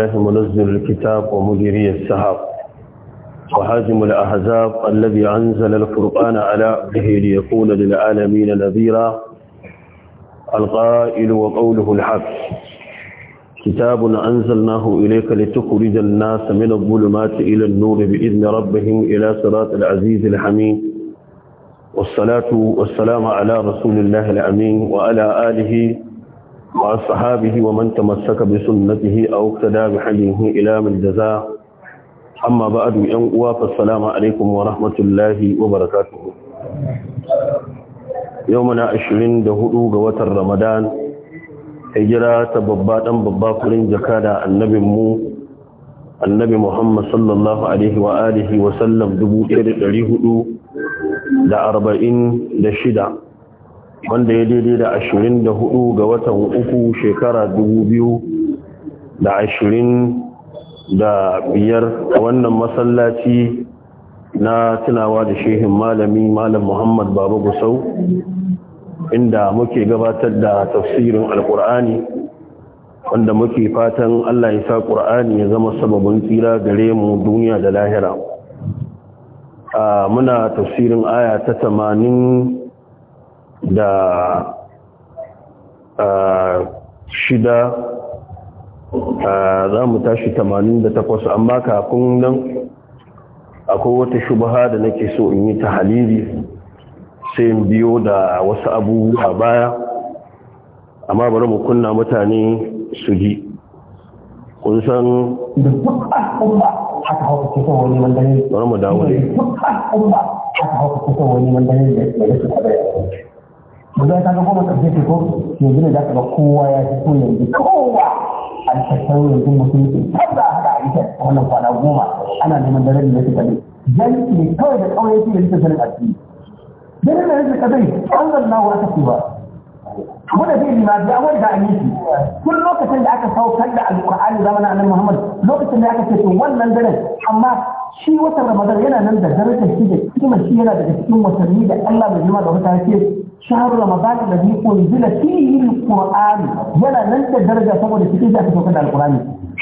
الله منزل الكتاب ومديري السحاب وحازم الأحزاب الذي أنزل القرآن على به ليكون للعالمين نذيرا القائل وقوله الحق كتاب أنزلناه إليك لتخرج الناس من الظلمات إلى النور بإذن ربهم إلى صراط العزيز الحميد والصلاة والسلام على رسول الله الأمين وعلى آله وأصحابه ومن تمسك بسنته أو اقتدى بحجمه إلى من جزاء أما بعد ينقوى فالسلام عليكم ورحمة الله وبركاته يومنا عشرين دهدو قوة رمضان هجرة ببات أم بباكرين جكادا النبي مو النبي محمد صلى الله عليه وآله وسلم دبو إير الريهدو دا أربعين دا شدا wanda ya daidai da ashirin da hudu ga watan uku shekara dubu biyu da ashirin da biyar a wannan masallaci na tunawa da shehin malami malam muhammad baba gusau inda muke gabatar da tafsirin alkur'ani wanda muke fatan allah ya sa ƙur'ani ya zama sababin tsira gare mu duniya da lahira muna tafsirin aya ta tamanin da shida za mu tashi takwas amma kafin nan akwai wata shubaha da nake so in yi ta haliri sai in biyo da wasu abubuwa baya amma bari mu kunna mutane su ji kun san bari mu dawo ne Mu ka ga goma ƙarshe ce ko yanzu ne za ka ga kowa ya fi so yanzu kowa a tattaro yanzu musulunci tabba a haɗa a ita wannan kwana goma ana neman daren da ya fi jami'i ne kawai da kawai yake da rikon sanin addini dare da rikon kadai an zanna wa aka ce ba wanda zai yi mafi awon da an yi shi tun lokacin da aka saukar da alƙur'ani zamanin annabi muhammad lokacin da aka ce to wannan daren amma shi watan ramadan yana nan da darajar shi da kima shi yana daga cikin watanni da allah bai jima da wata ce shahar ramadan da bi unzila fihi alquran yana nan da daraja saboda cikin da aka saukar da alqurani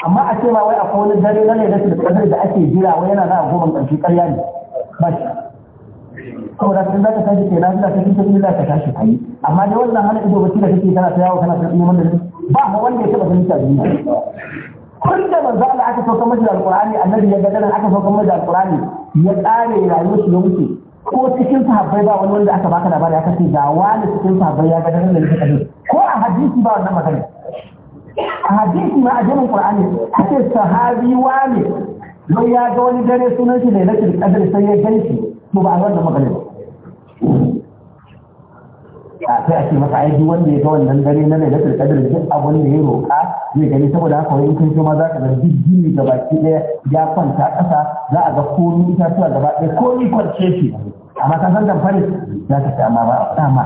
amma a ce ba wai akwai wani dare na lailatul qadr da ake jira wai yana za a goma karshe karya ne ba shi saboda kun zaka tashi ke lafiya ta kinta illa ka tashi kai amma dai wannan hana ido bacci da kake kana ta yawo kana ta neman da ba ma wanda ya taba ganin ta duniya kun da manzo Allah aka saukar masa alqurani annabi ya ga aka saukar masa alqurani ya tsare rayuwar shi ya wuce ko cikin sahabbai ba wani wanda aka baka labari aka ce ga wani cikin sahabbai ya ga daren da yake ko a hadisi ba wannan magana a hadisi ma a jinin qur'ani a ce sahabi wani don ya ga wani dare sunan shi ne na kadar sai ya shi to ba a wannan magana ba a sai a ce masa aiki wanda ya ga wannan dare na lailatul kadar duk abin da ya roƙa zai gani saboda haka wani kun ma za ka ga duk da baki ɗaya ya kwanta ƙasa za a ga komi itatuwa gaba ɗaya komi kwance shi amma ka san zamfari za ka ci amma ba a sama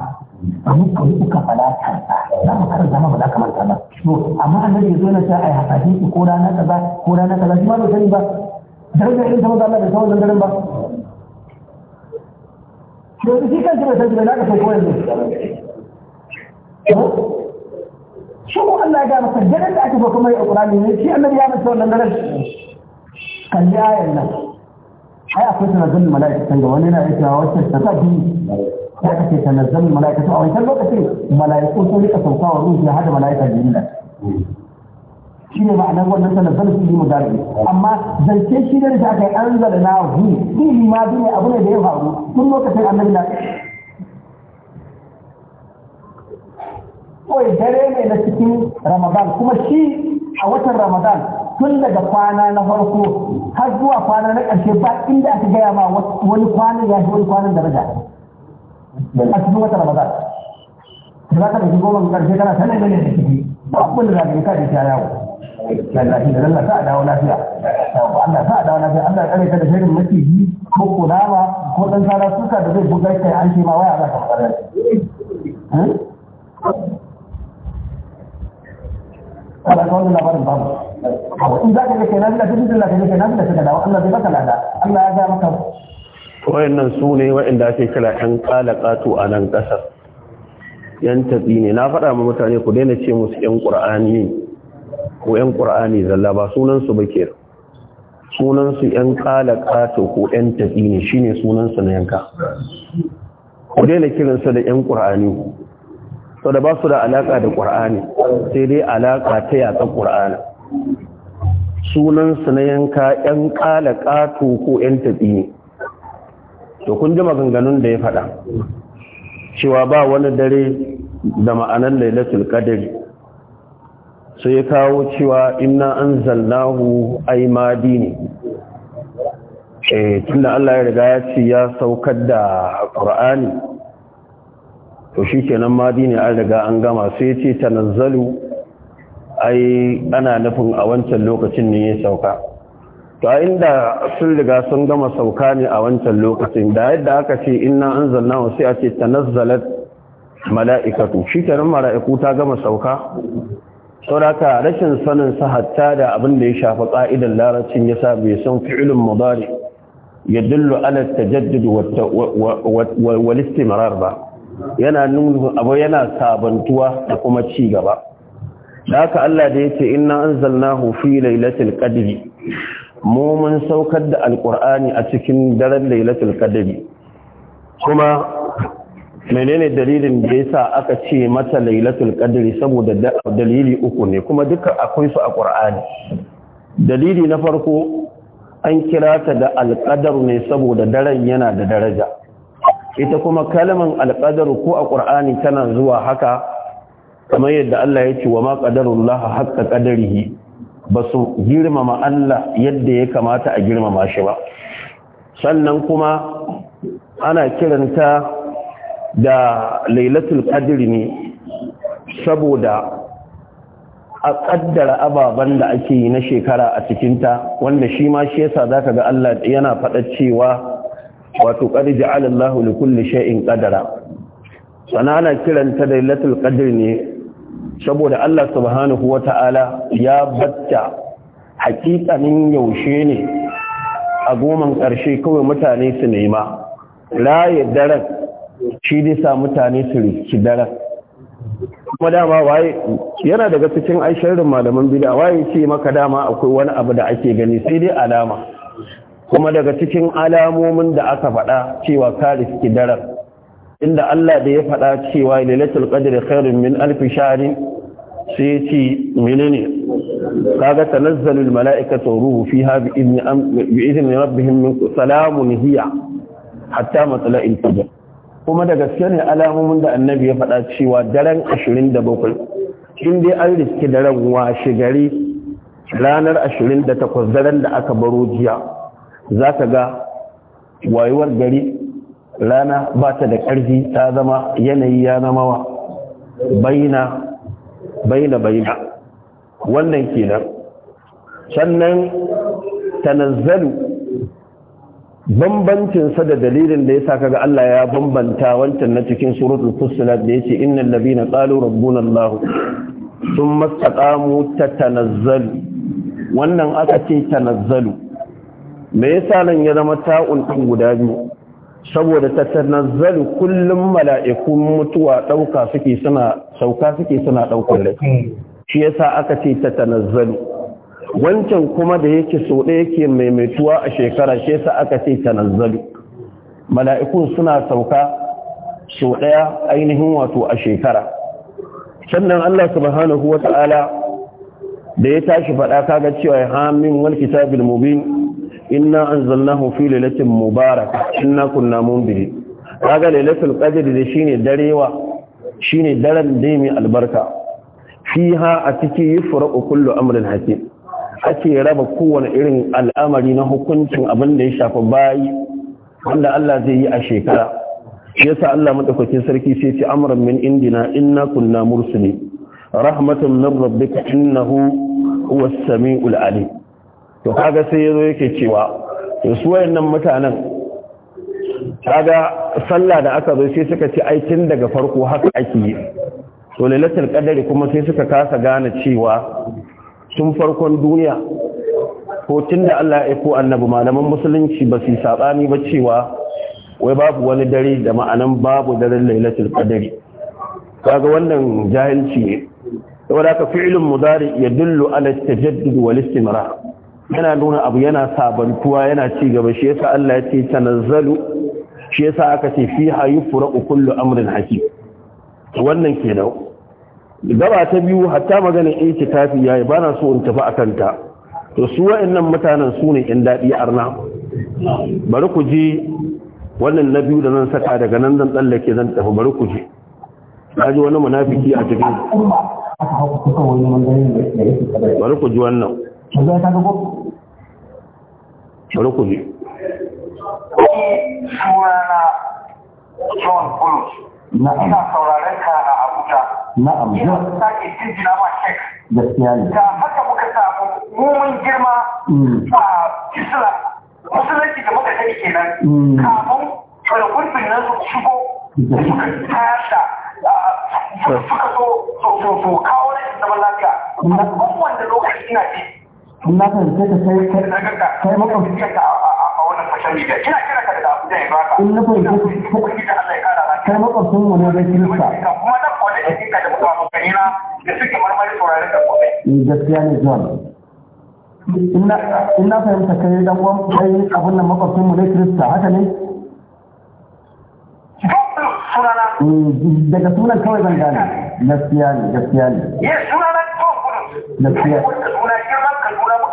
ma ka yi uka fada kansa za mu fara zama ba za ka manta ba to amma an zai zo na ta yi hasashe ki ko rana kaza ko rana kaza shi ma bai sani ba darajar irin ta maza a bai san wannan garin ba yanzu shi kansa bai san shi bai za ka san ko yanzu shi ko Allah ya gama masa da ake ba kuma ya ƙulani ne shi annabi ya masa wannan daren kalli ayan nan ai akwai tanazzalin mala'ikatan ga wani yana aiki a wacce ta tafi ya kace tanazzalin mala'ikatan a wancan lokacin mala'iku sun rika saukawa ruhu ya hada mala'ikar jinna shi ne ma'anar wannan tanazzal su yi mudari amma zance shi ne da aka yi an zala na hu shi ne ma ne abu ne da ya faru tun lokacin annabi na kawai dare ne na cikin ramadan kuma shi a watan ramadan tun daga kwana na farko har zuwa kwana na ƙarshe ba inda aka gaya ma wani kwanan ya shi wani kwanan daraja a cikin wata ramadan da za ka ɗauki goma ga ƙarshe kana sanar da ne da ciki ba abin da za ka yi ka da ta yawo lallashi da lalla sa a dawo lafiya Allah sa a dawo lafiya Allah ya tsare da shirin maciji ko kunama ko ɗan sara suka da zai buga kai an ce ma waya za ka fara hmm? kada ka wannan labarin babu in za ka ga kenan da duk da kake kenan da suka dawo Allah zai baka lada Allah ya ga maka wayannan su ne wayanda ake kira ɗan kalakatu a nan ƙasar yan tabi ne na faɗa ma mutane ku daina ce musu ƴan qur'ani ko ƴan qur'ani zalla ba sunan su bake sunan su yan kalakatu ko ƴan tabi ne shine sunan su na yanka ku daina kiransa da ƴan qur'ani Sau da ba su da alaka da ƙur'ani sai dai alaƙa ta yatsa ƙur'ani sunansu na yanka 'yan ƙala ƙato ko 'yan tafi ne to kun ji maganganun da ya faɗa cewa ba wani dare da ma'anar lailatul qadr sai ya kawo cewa inna anzalnahu aimadi ne eh tunda Allah ya riga ya ce ya saukar da Qur'ani to shi kenan madi ne an riga an gama sai ce ta ai ana nufin a wancan lokacin ne ya sauka to a inda sun riga sun gama sauka ne a wancan lokacin da yadda aka ce inna an zanna sai a ce ta mala'ikatu shi kenan mala'iku ta gama sauka sauraka rashin sanin sa hatta da abin da ya shafi ƙa'idar larabcin ya sa bai san fi'ilin mudari ya dillu ala tajaddud wal istimrar ba yana nuna abu yana sabantuwa da kuma ci gaba da haka Allah da yace inna anzalnahu fi lailatul qadri mu mun saukar da alqur'ani a cikin daren lailatul qadri kuma menene dalilin da yasa aka ce mata lailatul qadri saboda dalili uku ne kuma duka akwai su a qur'ani dalili na farko an kira ta da alqadar ne saboda daren yana da daraja ita kuma kalman alƙadar ko a ƙur'ani tana zuwa haka kamar yadda Allah ya ce wa ma ƙadarullaha haƙƙa ƙadarihi ba su girmama Allah yadda ya kamata a girmama shi ba sannan kuma ana kiranta da lailatul qadri ne saboda a kaddara ababen da ake yi na shekara a cikinta wanda shi ma shi yasa zaka ga Allah yana faɗa cewa wato qad ja'ala Allahu li kulli shay'in qadara sana ana kiranta da lailatul qadr ne saboda Allah subhanahu wata'ala ya batta hakikanin yaushe ne a goman ƙarshe kawai mutane su nema raye daren shi dai sa mutane su riki daren kuma dama waye yana daga cikin aisharin malaman bida waye ce maka dama akwai wani abu da ake gani sai dai alama kuma daga cikin alamomin da aka faɗa cewa ka riski daren inda Allah da ya faɗa cewa lailatul qadri khairun min alf shahrin sai ya ce menene kaga tanazzalul mala'ikatu ruhu fiha bi idni bi idni rabbihim min salamun hiya hatta matla'il fajr kuma da gaske ne alamomin da annabi ya faɗa cewa daren 27 in dai an riski daren washe gari ranar 28 daren da aka baro jiya za ka ga wayuwar gari rana ba ta da ƙarfi ta zama yanayi ya zama baina baina baina wannan kenan sannan tanazzalu bambancinsa da dalilin da ya sa kaga Allah ya bambanta wancan na cikin suratul fussilat da yace innal ladina qalu rabbuna Allah thumma istaqamu tatanazzalu wannan aka ce tanazzalu me yasa nan ya zama ta'un ɗin guda biyu saboda ta tanazzalu kullum mala'ikun mutuwa dauka suke suna sauka suke suna ɗaukar rai hmm. shi yasa aka ce ta wancan kuma da yake so ɗaya yake maimaituwa a shekara shi yasa aka ce tanazzalu mala'ikun suna sauka so ɗaya ainihin wato a shekara sannan Allah subhanahu ta'ala da ya tashi faɗa kaga cewa ya hamin wal kitabil mubin inna anzalnahu fi lailatin mubarak inna kunna munbiri kaga lailatul qadr da shine darewa shine daren da mai albarka fiha a cikin yufraqu kullu amrin hakim ake raba kowane irin al'amari na hukuncin abin da ya shafi bayi wanda Allah zai yi a shekara yasa Allah madaukakin sarki sai ce amran min indina inna kunna mursali rahmatan min rabbika innahu huwas samiul alim to kaga sai yazo yake cewa to su wayannan mutanen kaga sallah da aka zo sai suka ci aikin daga farko haka ake yi to lailatul qadari kuma sai suka kasa gane cewa tun farkon duniya ko tun da Allah ya ko annabi malaman musulunci ba su sabani ba cewa wai babu wani dare da ma'anan babu daren lailatul qadari kaga wannan jahilci ne saboda ka fi'lun mudari yadullu ala tajaddud wal istimrar yana nuna abu yana sabantuwa yana ci gaba shi yasa Allah ya ce tanazzalu shi yasa aka ce fiha yufraqu kullu amrin hakim wannan kenan gaba ta biyu hatta magana tafi yayi bana so in tafi akan ta to su wa'annan mutanen su ne in dadi arna bari ku ji wannan na biyu da nan saka daga nan dan tsallake zan tafi bari ku ji ji wani munafiki a cikin bari ku ji wannan yanzu ya kaga ko bari ku eh, ina sauraren ka a abuja na'am ina sake jinjina ma mm. a isla musulunci da kenan mm. kamun fargurbin nan su shigo suka tasha suka so so so kawo rashin zaman lafiya mm. a kowanne lokaci na ji kun na kan sai ka sai kai makwabcinka a wannan social media ina kira ka da abu ya baka in na fahimta kai makwabcin mu ne da kirista kuma da kwale da kika da muka da suke marmari sauraron da kuma eh gaskiya ne in na fahimta kai dan uwan kai abin nan makwabcin mu ne kirista haka ne eh, daga sunan kawai zan gane gaskiya ne gaskiya ne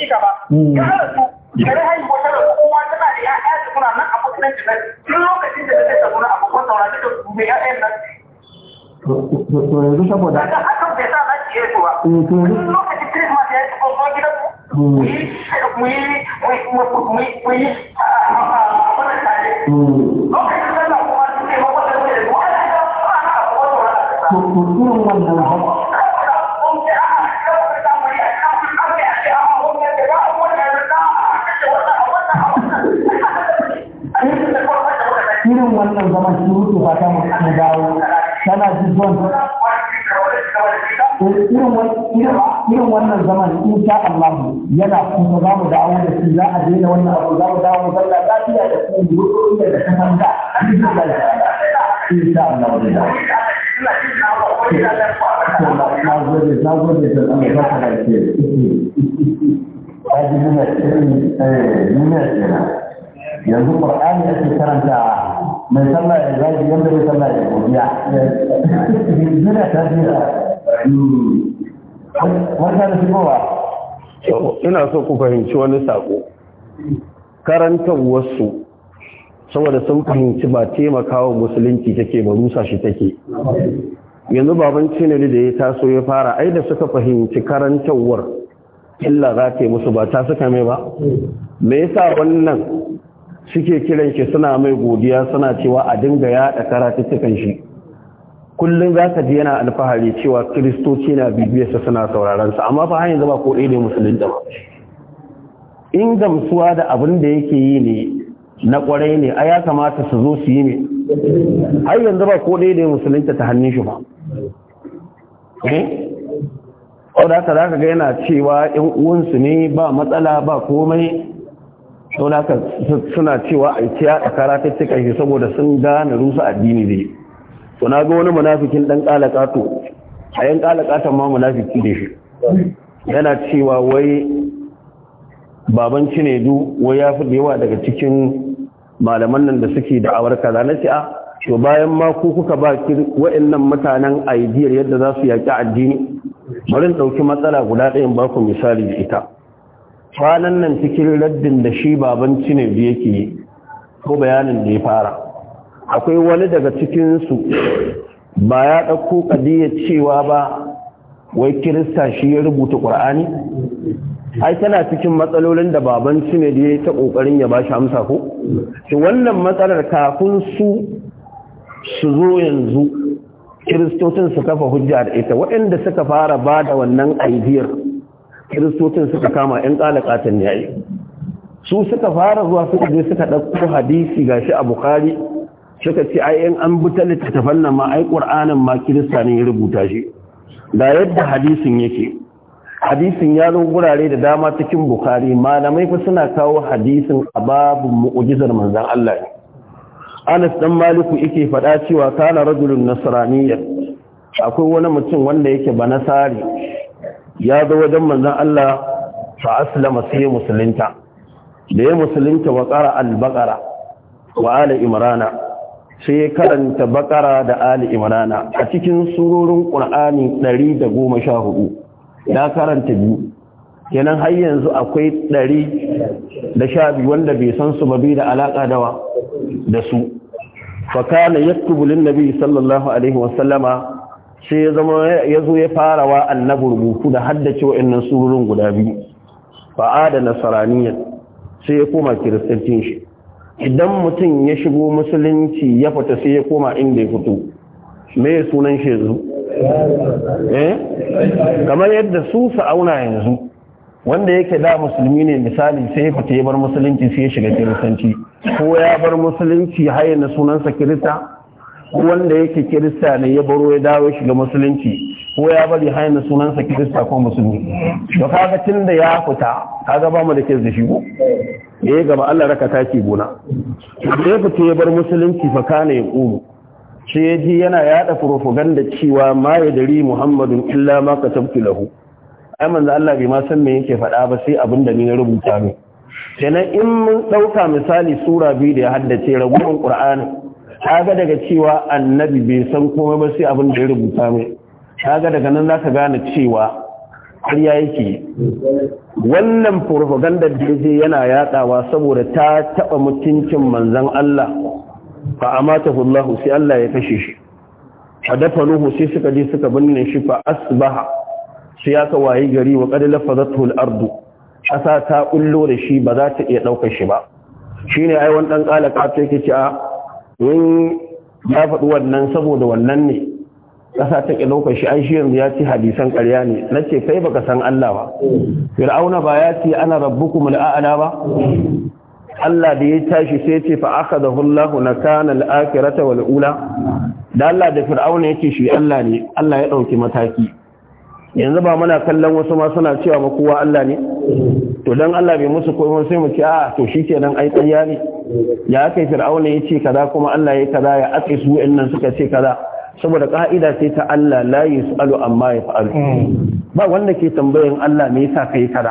ci gaba ka rasu haihuwa ta rasu kowa tana da ya'ya da kuna nan a kusurin jinan tun lokacin da take tafi na abubuwan saurari ta su ya'yan nan to yanzu saboda da hakan bai sa za ki yi zuwa tun lokacin christmas ya yi kuma gidan mu yi mu yi mu yi mu yi lokacin da na kuma su ce makwata da wani da wani da wani da wani da wani da wani da wani wannan zaman shi mutu fata mu dawo tana jibban irin wannan zaman in sha Allah yana kuma za mu dawo da shi za a daina wannan abu za mu dawo mu zalla lafiya da kuma gudu da ta san da in sha Allah da na gode na gode da Allah yanzu qur'ani ake karanta mai sallah ya zagi wanda mai sallah ya godiya yana ta jira Wata da shigowa ina so ku fahimci wani sako karanta wasu saboda sun fahimci ba taimakawa musulunci take ba rusa shi take yanzu baban cinari da ya taso ya fara ai da suka fahimci karantawar illa za ta yi musu ba ta suka mai ba me yasa wannan suke kiran shi suna mai godiya suna cewa a dinga yaɗa karatuttukan shi kullum za ka ji yana alfahari cewa kiristoci na bibiyarsa suna sauraron sa amma fa hanyar yanzu ko ɗaya ne musulun da ba in gamsuwa da abin da yake yi ne na kwarai ne a ya kamata su zo su yi ne har yanzu ba ko ɗaya ne musulun ta hannun shi ba eh da za ka ga yana cewa ‘yan uwansu ne ba matsala ba komai don haka suna cewa a ci yaɗa karatuttuka shi saboda sun gane rusa addini zai to na ga wani munafikin dan kalaka to a yan ta ma munafiki ne shi yana cewa wai baban cinedu wai ya fi yawa daga cikin malaman nan da suke da'awar kaza na ce a ah, to bayan ma ku kuka ba ki wa'annan mutanen aidiyar yadda za su yaƙi addini bari ɗauki matsala guda ɗayan ba ku misali ita kwanan nan cikin raddin da shi baban biyu yake yi ko bayanin da ya fara akwai wani daga cikinsu ba ya ɗauko ƙadiyya cewa ba wai kirista shi ya rubuta ƙur'ani ai tana cikin matsalolin da baban da ya ta ƙoƙarin ya ba shi amsa ko shi wannan matsalar kafin su su zo yanzu kiristocin su kafa hujja da ita waɗanda suka fara ba da wannan aidiyar kiristocin suka kama yan kalakatan yayi su suka fara zuwa suka je suka ɗauko hadisi ga shi a bukari suka ce ai an an buta littattafan nan ma ai ma kirista ne ya rubuta shi da yadda hadisin yake hadisin ya zo wurare da dama cikin bukari malamai fa suna kawo hadisin a babin mu'ujizar manzan Allah ne Anas dan Maliku yake faɗa cewa kana rajulun nasraniyya akwai wani mutum wanda yake ba nasari ya zo wajen manzon Allah fa aslama sai musulunta da ya musulunta wa qara al-baqara wa ali imrana sai ya karanta baƙara da ali imrana a cikin surorin qur'ani 114 ya karanta biyu kenan har yanzu akwai 112 wanda bai san su ba da alaƙa dawa da su fa kana yaktubu lin nabi sallallahu alaihi wasallama sai ya zama ya zo ya fara wa annabi rubutu da haddace wa innan sururin guda biyu fa'a da nasaraniyan sai ya koma kiristantin shi idan mutum ya shigo musulunci ya fita sai ya koma inda ya fito me ya sunan shi yanzu eh kamar yadda su auna yanzu wanda yake da musulmi ne misali sai ya fita ya bar musulunci sai ya shiga kiristanci ko ya bar musulunci har yana sunansa kirista Ku wanda yake kirista ne ya baro ya dawo shi ga musulunci ko ya bari hanya sunansa kirista ko musulmi to kaga tun da ya fita kaga ba mu da ke da shi ko eh gaba Allah raka taki gona da ya fita ya bar musulunci fa kana ya qumu sai ya ji yana yada propaganda cewa ma ya dari muhammadun illa ma katabtu lahu ai manzo Allah bai ma san me yake faɗa ba sai abin da ni na rubuta ne kenan in mun ɗauka misali sura biyu da ya haddace rabuwan Kur'ani. kaga daga cewa annabi bai san komai ba sai abin da ya rubuta mai kaga daga nan za ka gane cewa ƙarya yake wannan propaganda da yake yana yatsawa saboda ta taɓa mutuncin manzon Allah fa amatahu Allah sai Allah ya kashe shi fadafanuhu sai suka je suka binne shi fa asbaha sai aka wayi gari wa qad lafadathu al-ardu ƙasa ta kullo da shi ba za ta iya daukar shi ba shine ai wani dan kala ce yake a in ya faɗi wannan saboda wannan ne ƙasa ta ƙi lokaci, an shi yanzu ya ce hadisan ƙarya ne na ce kai baka san Allah ba fir'auna ba ya ce ana kuma al'a'ala ba Allah da ya tashi sai ce fa aka da hulahu na al-akhirata ta wal'ula? da Allah da fir'auna ya ce shi Allah ne Allah ya ɗauki mataki yanzu ba muna kallon wasu ma suna cewa ba kowa Allah ne to dan Allah bai musu ko sai mu ce a to shi shikenan ai tsaya ne ya kai fir'auna yace kaza kuma Allah ya kaza ya ake su wa'annan suka ce kaza saboda ka'ida sai ta Allah la yusalu amma ya fa'alu. ba wanda ke tambayan Allah me yasa kai kaza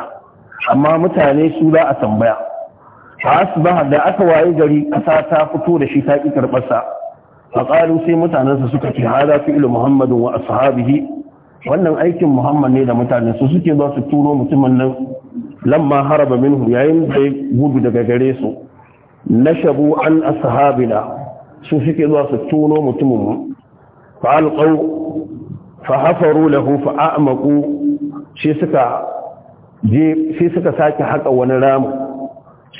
amma mutane su ba a tambaya A asbaha da aka waye gari kasa ta fito da shi ta ƙi karbarsa, a ƙaru sai mutanensa suka ce hada ilu muhammadin wa ashabihi wannan aikin muhammad ne da mutane su suke za su turo mutumin nan lamma haraba minhu yayin da ya gudu daga gare su nashabu an ashabina su suke za su tuno mutumin mu fa alqaw fa hafaru lahu fa a'maqu shi suka je sai suka sake haka wani ramu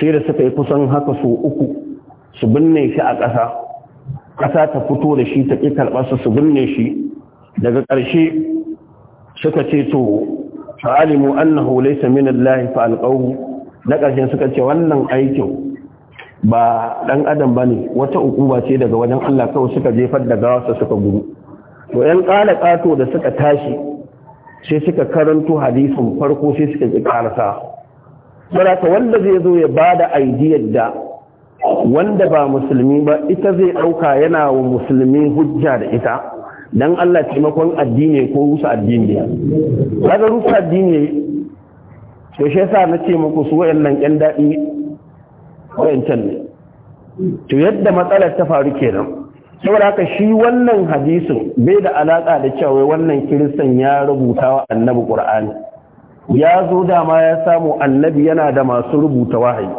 sai da suka yi kusan haka su uku su binne shi a ƙasa ƙasa ta fito da shi ta ƙi karɓarsa su binne shi daga ƙarshe suka ce to fa'alimu annahu laysa min Allah fa alqaw na karshen suka ce wannan aikin ba dan adam bane wata ukuba ce daga wajen Allah kawai suka jefar da gawarsa suka gudu to yan kala kato da suka tashi sai suka karanto hadisin farko sai suka ki karasa saboda wanda zai zo ya bada aidiyar da wanda ba musulmi ba ita zai ɗauka yana wa musulmi hujja da ita dan Allah taimakon addini ko rusa addini ya kaga rusa addini to shi yasa na ce muku su wayannan yan dadi wayancan ne to yadda matsalar ta faru kenan saboda haka shi wannan hadisin bai da alaka da cewa wannan kiristan ya rubuta wa annabi Al-Qur'ani. ya zo dama ya samu annabi yana da masu rubuta wahayi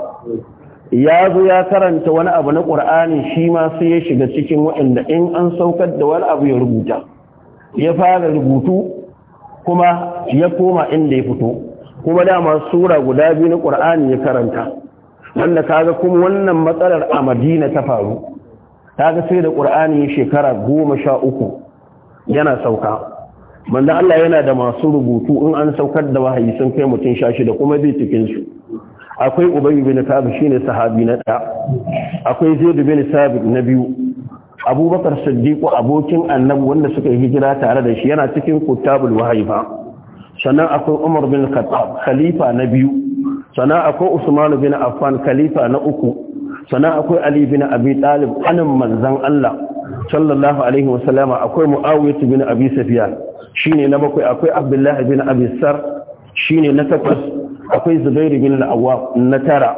ya zo ya karanta wani abu na ƙur'ani shi ma sai ya shiga cikin waɗanda in an saukar da wani abu ya rubuta ya fara rubutu kuma ya koma inda ya fito kuma dama sura guda biyu na ƙur'ani ya karanta wanda kaga kuma wannan matsalar a madina ta faru kaga sai da ƙur'ani ya shekara goma sha uku yana sauka manzo Allah yana da masu rubutu in an saukar da wahayi sun kai mutum sha shida kuma zai cikin su akwai ubay bin ka'ab shine sahabi na da akwai zaid bin sabit na biyu abubakar siddiq abokin annabi wanda suka yi hijira tare da shi yana cikin kutabul wahayi sannan akwai umar bin khattab khalifa na biyu sannan akwai usman bin affan khalifa na uku sannan akwai ali bin abi talib anan manzon Allah sallallahu alaihi wasallama akwai muawiyah bin abi sufyan shine na bakwai akwai abdullah bin abi sar shine na takwas akwai zubairu bin al'awwa na tara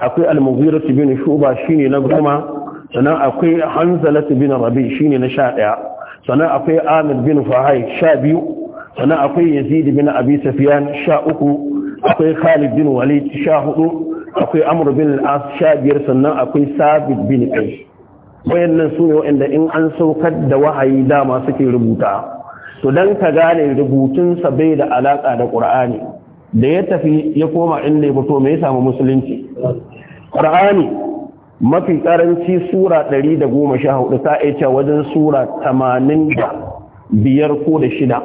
akwai al-mughira bin shuba shine na goma sannan akwai hanzala bin rabi shine na 11 sannan akwai amir bin fahai 12 sannan akwai yazid bin abi sufyan 13 akwai khalid bin walid 14 akwai amr bin al-as 15 sannan akwai sabit bin qais wayannan su ne wa'anda in an saukar da wahayi dama suke rubuta to dan ka gane rubutunsa bai da alaka da qur'ani da ya tafi ya koma inda ya fito mai samu musulunci ƙar'ani mafi ƙaranci sura 114 ta aice wajen sura 85 ko da shida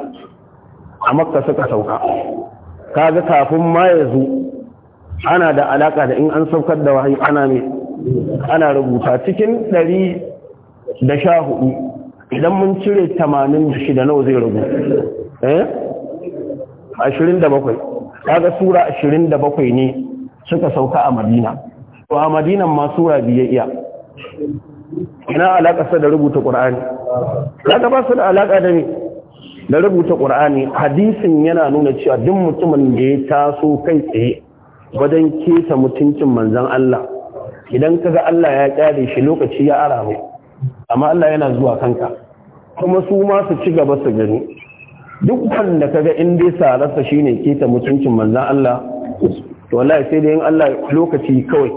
a makka suka sauka kaga kafin ma ya zo ana da alaka da in an saukar da wahayi ana mai ana rubuta cikin 114 idan mun cire 86 nawa zai rubuta eh 27 kaga sura 27 ne suka sauka a madina to a madina ma sura biye iya ina alaka sa da rubuta qur'ani kaga ba su da alaka da ni? da rubuta qur'ani hadisin yana nuna cewa duk mutumin da ya taso kai tsaye wajen kesa mutuncin manzon Allah idan kaga Allah ya kare shi lokaci ya arame amma Allah yana zuwa kanka kuma su ma su ci gaba su gani duk wanda kaga in dai sararsa shine keta mutuncin manzan Allah to wallahi sai dai yin Allah lokaci kawai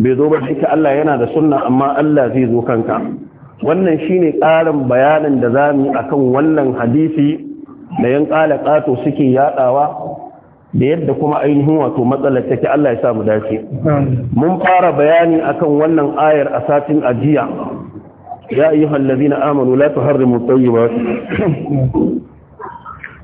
bai zo ba duka Allah yana da sunna amma Allah zai zo kanka wannan shine ƙarin bayanin da zamu akan wannan hadisi da yan ƙala ƙato suke yaɗawa, da yadda kuma ainihin wato matsalar take Allah ya sa mu dace mun fara bayani akan wannan ayar a satin ajiya ya ayyuhal ladina amanu la tuharrimu tayyibati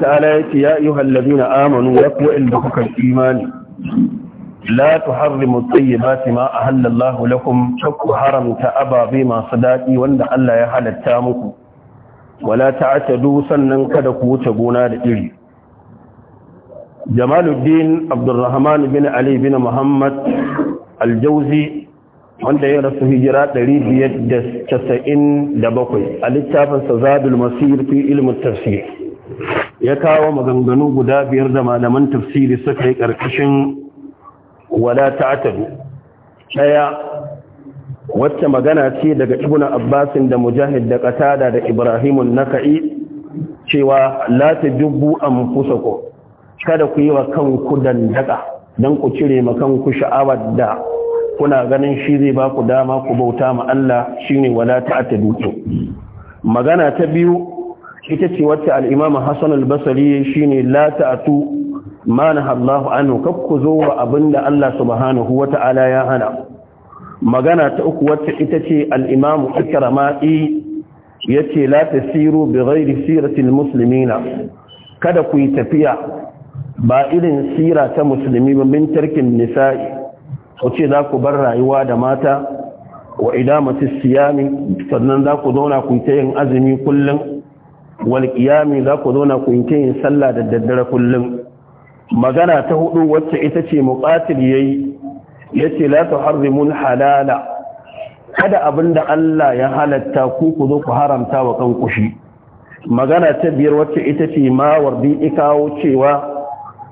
ta'ala yace ya ayyuhal ladina amanu ya ku inda kuka imani la tuharrimu tayyibati ma a Allah lakum shakku haramta ababe masu daɗi wanda Allah ya halatta muku wala ta'tadu sannan kada ku wuce gona da iri Jamaluddin Abdulrahman bin Ali bin Muhammad Aljauzi wanda ya rasu hijira 597 a littafin Sazadul Masir fi ilmin tafsir ya kawo maganganu guda biyar da malaman tafsiri suka yi ƙarƙashin wala ta'atabu ɗaya wacce magana ce daga ibnu Abbas da mujahid da qatada da ibrahim an naka'i cewa la tajubbu anfusakum kada ku yi wa kanku dandaka dan ku cire ma kanku sha'awar da kuna ganin shi zai ba ku dama ku bauta ma Allah shine wala ta'tadu magana ta biyu ita ce wacce al Hassan al shi shine la Mana ma anu kakku zo wa abinda Allah subhanahu wata'ala ya hana magana ta uku wacce ita ce al-imam Ikrama'i yace la tasiru bi da sirati Musulmina. kada ku yi tafiya ba irin sira ta musulmi ba min tarkin nisa'i ku ce za ku bar rayuwa da mata wa idamatu siyami sannan za ku zauna ku ta yin azumi kullum wal za ku zo na yin sallah da daddare kullum magana ta hudu wacce ita ce muqatil yayi yace la tuharrimul halala kada abinda Allah ya halatta ku ku zo ku haramta wa kan kushi. magana ta biyar wacce ita ce ma wardi ikawo cewa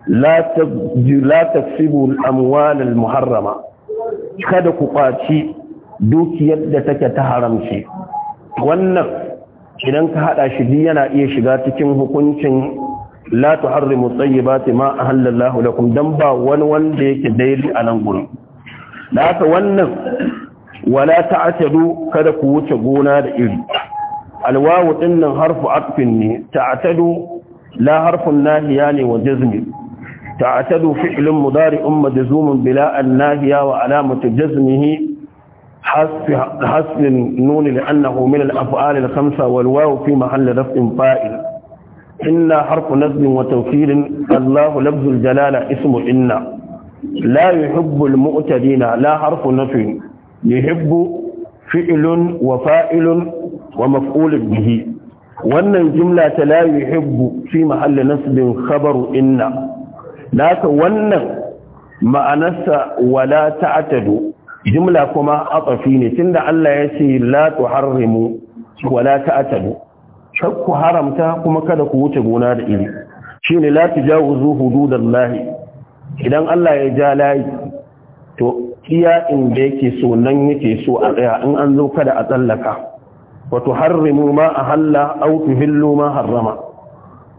la tafsibu al al-muharrama kada ku kwaci dukiyar da take ta haramci wannan idan ka hada shi biyu yana iya shiga cikin hukuncin la tuharrimu tayyibati ma ahallallahu lakum dan ba wani wanda yake daidai a nan gurin da haka wannan wala ta'tadu kada ku wuce gona da iri alwawu dinnan harfu atfin ne ta'tadu la harfun nahiya ne wa jazmi ta'tadu fi'lun mudari'un majzumun bila an nahiya wa alamatu jazmihi حسب النون لأنه من الأفعال الخمسة والواو في محل رفع فائل إنا حرف نسب وتوكيد الله لفظ الجلالة اسم إنا لا يحب المؤتدين لا حرف نفي يحب فعل وفائل ومفعول به wannan jimla ta la yuhibbu fi mahalli nasbin khabaru inna laka wannan ma'anarsa wala ta'tadu jimla kuma atsafi ne tunda Allah ya ce la tuharrimu wala la ta'tadu kar ku haramta kuma kada ku wuce gona da iri shine la tujawuzu hududallahi idan Allah ya ja layi to iya inda yake so nan yake so a tsaya in an zo kada a tsallaka wa tuharrimu ma ahalla aw tuhillu ma harrama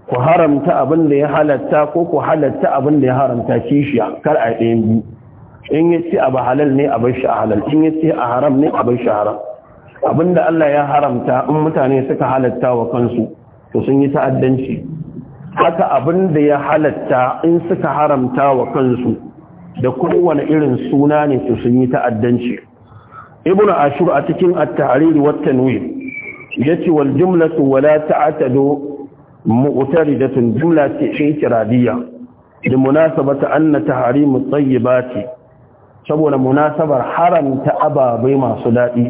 ku haramta abin da ya halatta ko ku halatta abin da ya haramta kishiya kar a ɗayan biyu in ya ce abu halal ne abin shi a halal in ya ce a haram ne abin shi haram abinda Allah ya haramta in mutane suka halatta wa kansu to sun yi ta'addanci haka abinda ya halatta in suka haramta wa kansu da kowane irin suna ne to sun yi ta'addanci ibnu ashur a cikin at-tahrir wa at-tanwir yace wal jumlatu wala ta'tadu mu'taridatun jumla ce iradiya limunasabati anna tahrimu at-tayyibati saboda munasabar haramta ababai masu daɗi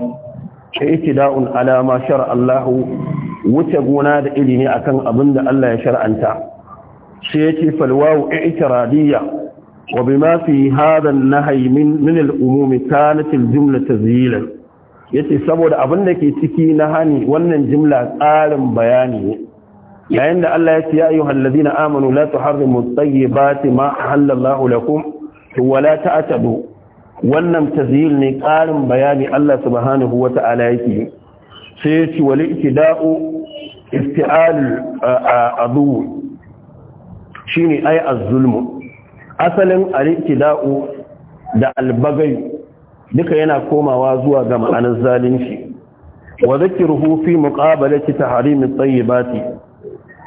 ta itida'un alama shar Allahu wuce gona da ilimi akan abin da Allah ya shar'anta sai yace falwawu radiyya, wa bima fi hadha an-nahy min min al-umum kanat al-jumla tazyilan yace saboda abin da ke ciki na hani wannan jumla tsarin bayani ne yayin da Allah ya ce ya ayyuhal ladina amanu la tuharrimu at-tayyibati ma halallahu lakum wa la ta'tadu wannan tazyil ne ƙarin bayani Allah subhanahu ta'ala yake sai ya ci wali iktida'u isti'al adu shine ai az-zulm asalin al iktida'u da albagai duka yana komawa zuwa ga ma'anar zalunci wa dhikruhu fi muqabalati tahrim tayyibati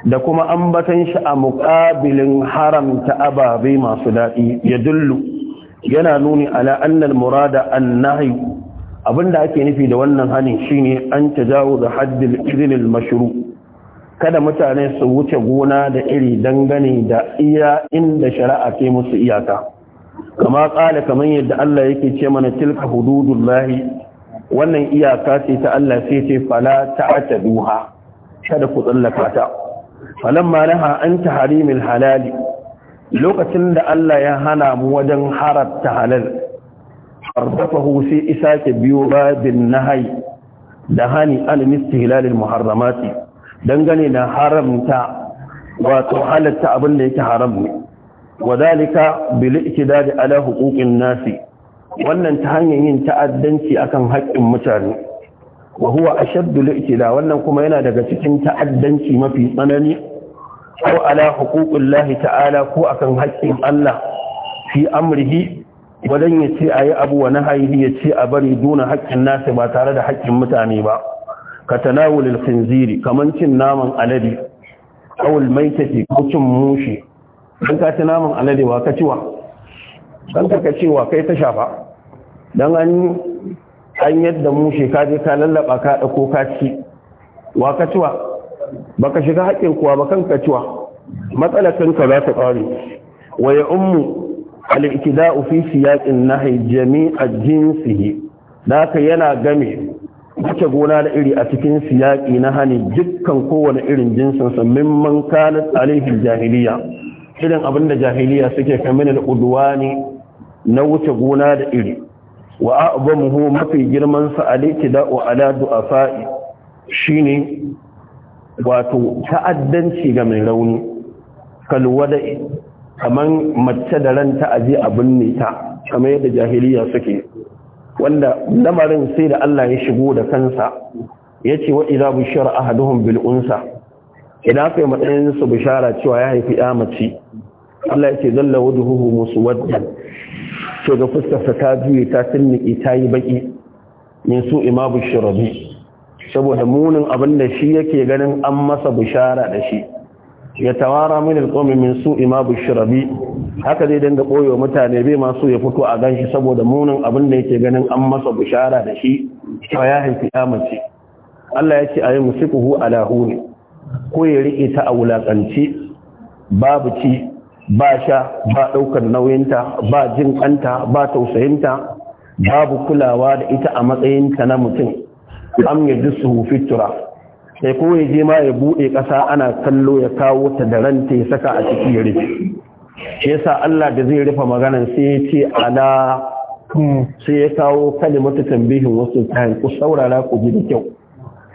da kuma ambatan shi a muƙabilin haramta ababe masu dadi ya dullu yana nuni ala annal murada annahi abinda ake nufi da wannan hanin shine an da haddil idnil mashru kada mutane su wuce gona da iri dangane da iya inda shari'a ce musu iyaka kama kala kaman yadda Allah yake ce mana tilka hududullahi wannan iyaka ce ta Allah sai ce fala ta'taduha kada ku tsallaka ta falamma laha anta harimil halali lokacin da Allah ya hana mu wajen haratta halal ardafahu sai isa ke biyo babin nahai da hani an hilalin muharramati dangane na haramta wato halatta abin da yake haram ne wadalika bil iktidad ala huquqin nasi wannan ta hanyar yin ta'addanci akan haƙƙin mutane wa huwa ashaddu al wannan kuma yana daga cikin ta'addanci mafi tsanani aw ala lahi ta'ala ko akan haƙƙin Allah fi amrihi wadan ya ce ayi abu wa nahayi ya ce a bari duna haƙƙin nasi ba tare da haƙƙin mutane ba ka tanawulil khinziri kaman cin naman alade aw al maitati ko cin mushi dan ka ci naman alade wa ka ciwa dan ka ciwa kai ta shafa dan an an yadda mushe ka je ka lallaba ka dauko ka ci wa ka ciwa baka shiga haƙƙin kuwa ba kanka cewa matsalar kanka za ta ƙare wa ya ummu al-iktida'u fi na haijami jami'a jinsihi daka yana game wuce gona da iri a cikin siyaƙi na hani dukkan kowane irin jinsin sa mimman kanat alaihi jahiliya irin abin da jahiliya suke kamin uduwa ne na wuce gona da iri wa a'bamuhu mafi girman sa al-iktida'u ala du'afa'i shine wato ta'addanci ga mai rauni kalwada kamar mace da ranta ta'azi a binne ta kamar yadda jahiliya suke wanda lamarin sai da Allah ya shigo da kansa ya ce wa idza bushara ahaduhum bil unsa idan kai matsayin su bishara cewa ya haifi ya mace Allah ya ce zalla wajhuhu muswaddan to ga fuskar ta juye ta tinniki ta yi baki min su imabu shirabi saboda munin abin da shi yake ganin an masa bishara da shi ya tawara min alqawmi min su'i ma bushrabi haka zai dinga koyo mutane bai ma so ya fito a ganshi saboda munin abin da yake ganin an masa bishara da shi to ya haifi amace Allah ya ce ayi musiquhu ala huni ko ya rike ta a wulakanci babu ci ba sha ba daukar nauyinta ba jin kanta ba tausayinta babu kulawa da ita a matsayinta na mutum am ya dusu hufi tura. sai ko ya je ma ya bude kasa ana kallo ya kawo ta da ranta ya saka a ciki ya rufe shi yasa Allah da zai rufe magana sai ya ce ala sai ya kawo kalimatu tambihin wasu tayin ku saurara ku ji da kyau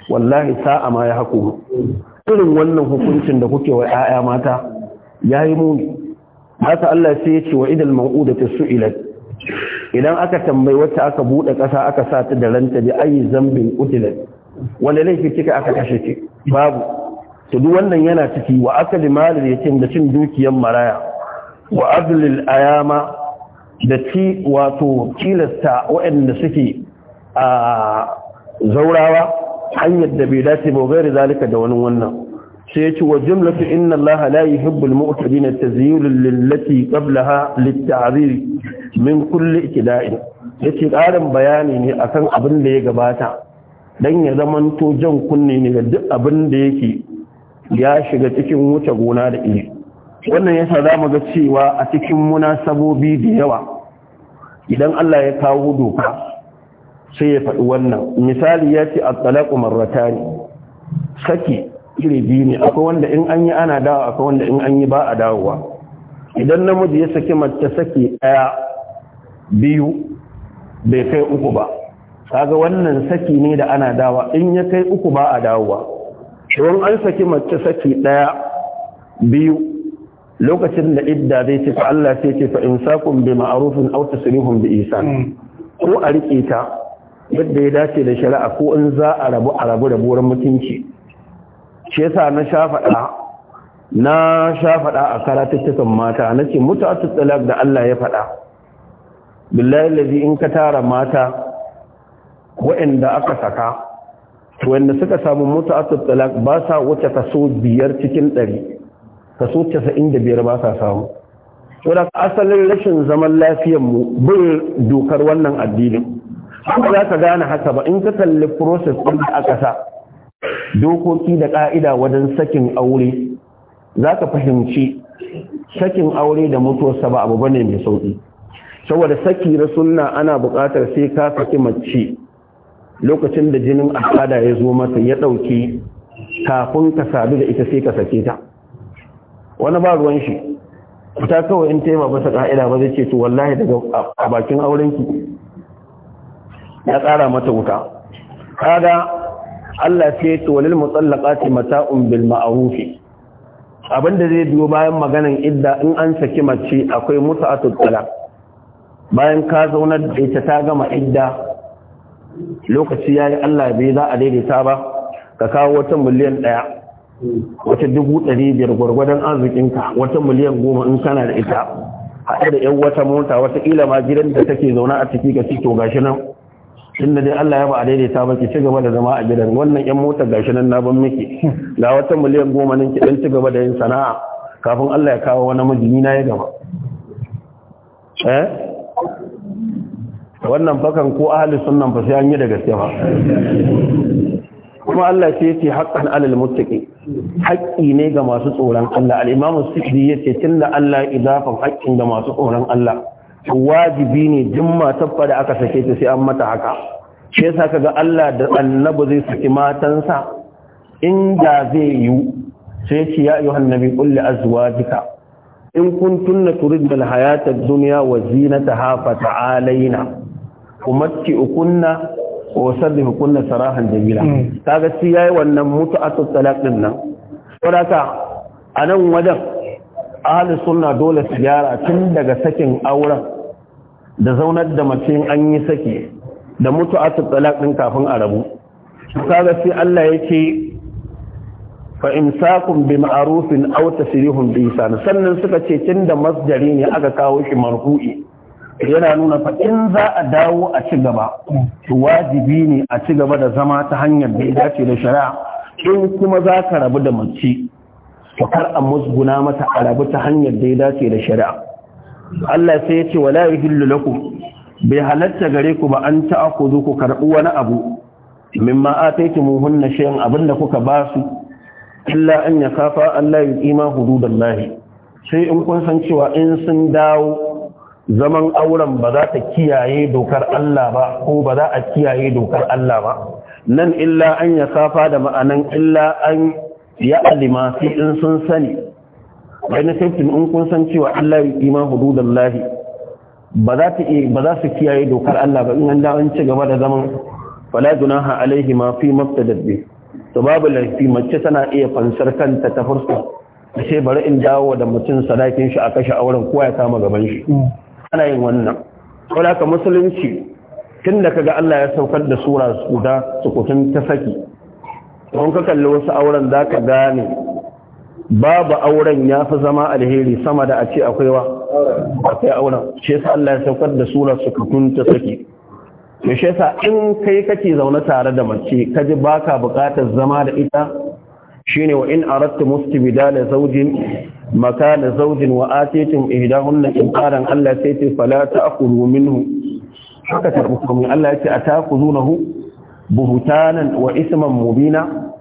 wallahi sa'a ma ya haku irin wannan hukuncin da kuke wa 'ya'ya mata yayi muni haka Allah sai ya ce wa idal mau'udatu su'ilat idan aka tambayi wacce aka buɗe ƙasa aka sa ta da ranta da ayi zambin utilat wanda laifi kika aka kashe ki babu to duk wannan yana ciki wa akali ya yatim da cin dukiyar maraya wa adlil ayama da ci wato tilasta waɗanda suke a zaurawa hanyar da bai dace ba gairi zalika da wani wannan sai ci wa jumlatu inna allaha la yuhibbul mu'tadin tazyir lillati qablaha litta'zir min kulli ikda'in yace ƙarin bayani ne akan abin da ya gabata dan ya zamanto jan kunne ne ga duk abin da yake ya shiga cikin wuce gona da iri wannan yasa za mu ga cewa a cikin munasabobi da yawa idan Allah ya kawo doka sai ya faɗi wannan misali ya ce a talaku marrata ne saki iri biyu ne akwai wanda in an yi ana dawo akwai wanda in an yi ba a dawowa idan namiji ya saki mace saki ɗaya biyu bai kai uku ba kaga wannan saki ne da ana dawa in ya kai uku ba a dawowa don an saki mace saki ɗaya biyu lokacin da idda zai ce fa Allah sai ce fa insakum bi ma'rufin aw tasrihum bi ihsan hmm. ko a rike ta yadda ya dace da shari'a ko in za a rabu a rabu da buran mutunci shi yasa na sha faɗa na a karatuttukan mata na ce mutu'atu talak da Allah ya faɗa billahi lazi in ka tara mata waɗanda aka saka wanda suka samu mutu'atu talak ba sa wuce kaso biyar cikin ɗari kaso casa'in da biyar ba sa samu wadda asalin rashin zaman lafiyar mu bin dokar wannan addinin ba za ka gane haka ba in ka kalli process ɗin da aka sa dokoki da ƙa'ida wajen sakin aure za ka fahimci sakin aure da mutuwarsa ba abu ne mai sauƙi saboda saki na suna ana buƙatar sai ka saki mace lokacin da jinin al'ada ya zo mata ya ɗauki kafin ka sadu da ita sai ka sake ta wani ba ruwan shi ta kawai in taima ba ƙa'ida ba zai ce to wallahi daga a bakin aurenki ya ƙara mata wuta kaga Allah sai ya walil mutallaqati mata'un bil ma'ruf abinda zai biyo bayan maganan idda in an saki mace akwai muta'atul talaq bayan ka zauna da ita ta gama idda lokaci yayi Allah bai za a daidaita ba ka kawo wata miliyan ɗaya. wata dubu ɗari biyar gwargwadon arzikinka wata miliyan goma in kana da ita haɗe da 'yan wata mota wataƙila ma gidan da take zauna a ciki ga to gashi nan tun da dai Allah ya ba a daidaita ba ki ci gaba da zama a gidan wannan yan mota gashi nan na ban miki ga wata miliyan goma nan ki dan ci gaba da yin sana'a kafin Allah ya kawo wani mijini na ya gaba eh wannan fakan ko ahli sunnan fa sai an yi da gaske fa kuma Allah sai yake haqqan alal muttaqi haƙƙi ne ga masu tsoron Allah al-imamu sidi yace tunda Allah idafan haƙƙin ga masu tsoron Allah wajibi ne duk matar da aka sake ta sai an mata haka shi yasa kaga Allah da annabi zai saki matansa inda zai yi sai ce ya ayuha annabi qul li azwajika in kuntunna turidna al hayata ad dunya wa zinataha fa ta'alaina ukunna wa kunna sarahan jamila hmm. kaga sai yayi wannan mutu talaq din nan saboda a wajen ahli sunna dole su gyara tun daga sakin auren da zaunar da mace an yi sake da mutu a talaq kafin a rabu ga sai Allah ce fa sakun bi ma'arufin Auta shirihun bi isa sannan suka ce cin da masdari ne aka kawo shi marfu'i yana nuna fa in za a dawo a ci gaba wajibi ne a ci gaba da zama ta hanyar da ya dace da shari'a in kuma za ka rabu da mace ka kar a musguna mata a rabu ta hanyar da ya dace da shari'a Allah sai ya ce wala yuhillu lakum bai halatta gare ku ba an ta'khudhu ku karbu wani abu mimma hunna shay'an abinda kuka ba su illa an yakafa Allah yuqima hududallahi sai in kun san cewa in sun dawo zaman auren ba za ta kiyaye dokar Allah ba ko ba za a kiyaye dokar Allah ba nan illa an yakafa da ma'anan illa an ya alima in sun sani bai in kun san cewa Allah ya yi hududan lahi ba za ta ba za su kiyaye dokar Allah ba in an da an ci gaba da zaman fala ha alaihi ma fi mabtadad bi to babu laifi mace tana iya fansar kanta ta fursa sai bari in dawo da mutum sadakin shi a kashe auren ko ya kama gaban shi ana yin wannan saboda ka musulunci tun da kaga Allah ya saukar da sura guda sukutun ta saki don ka kalli wasu auren za ka gane babu auren ya fi zama alheri sama da a ce akwai wa akwai auren shi yasa Allah ya saukar da suna suka tunta saki shi yasa in kai kake zaune tare da mace kaji baka bukatar zama da ita shine wa in aradtu mustibdala zawjin makana zawjin wa atitum ihdahunna inqaran Allah sai ce fala ta'khulu minhu haka ta hukumi Allah ya buhutanan wa isman mubina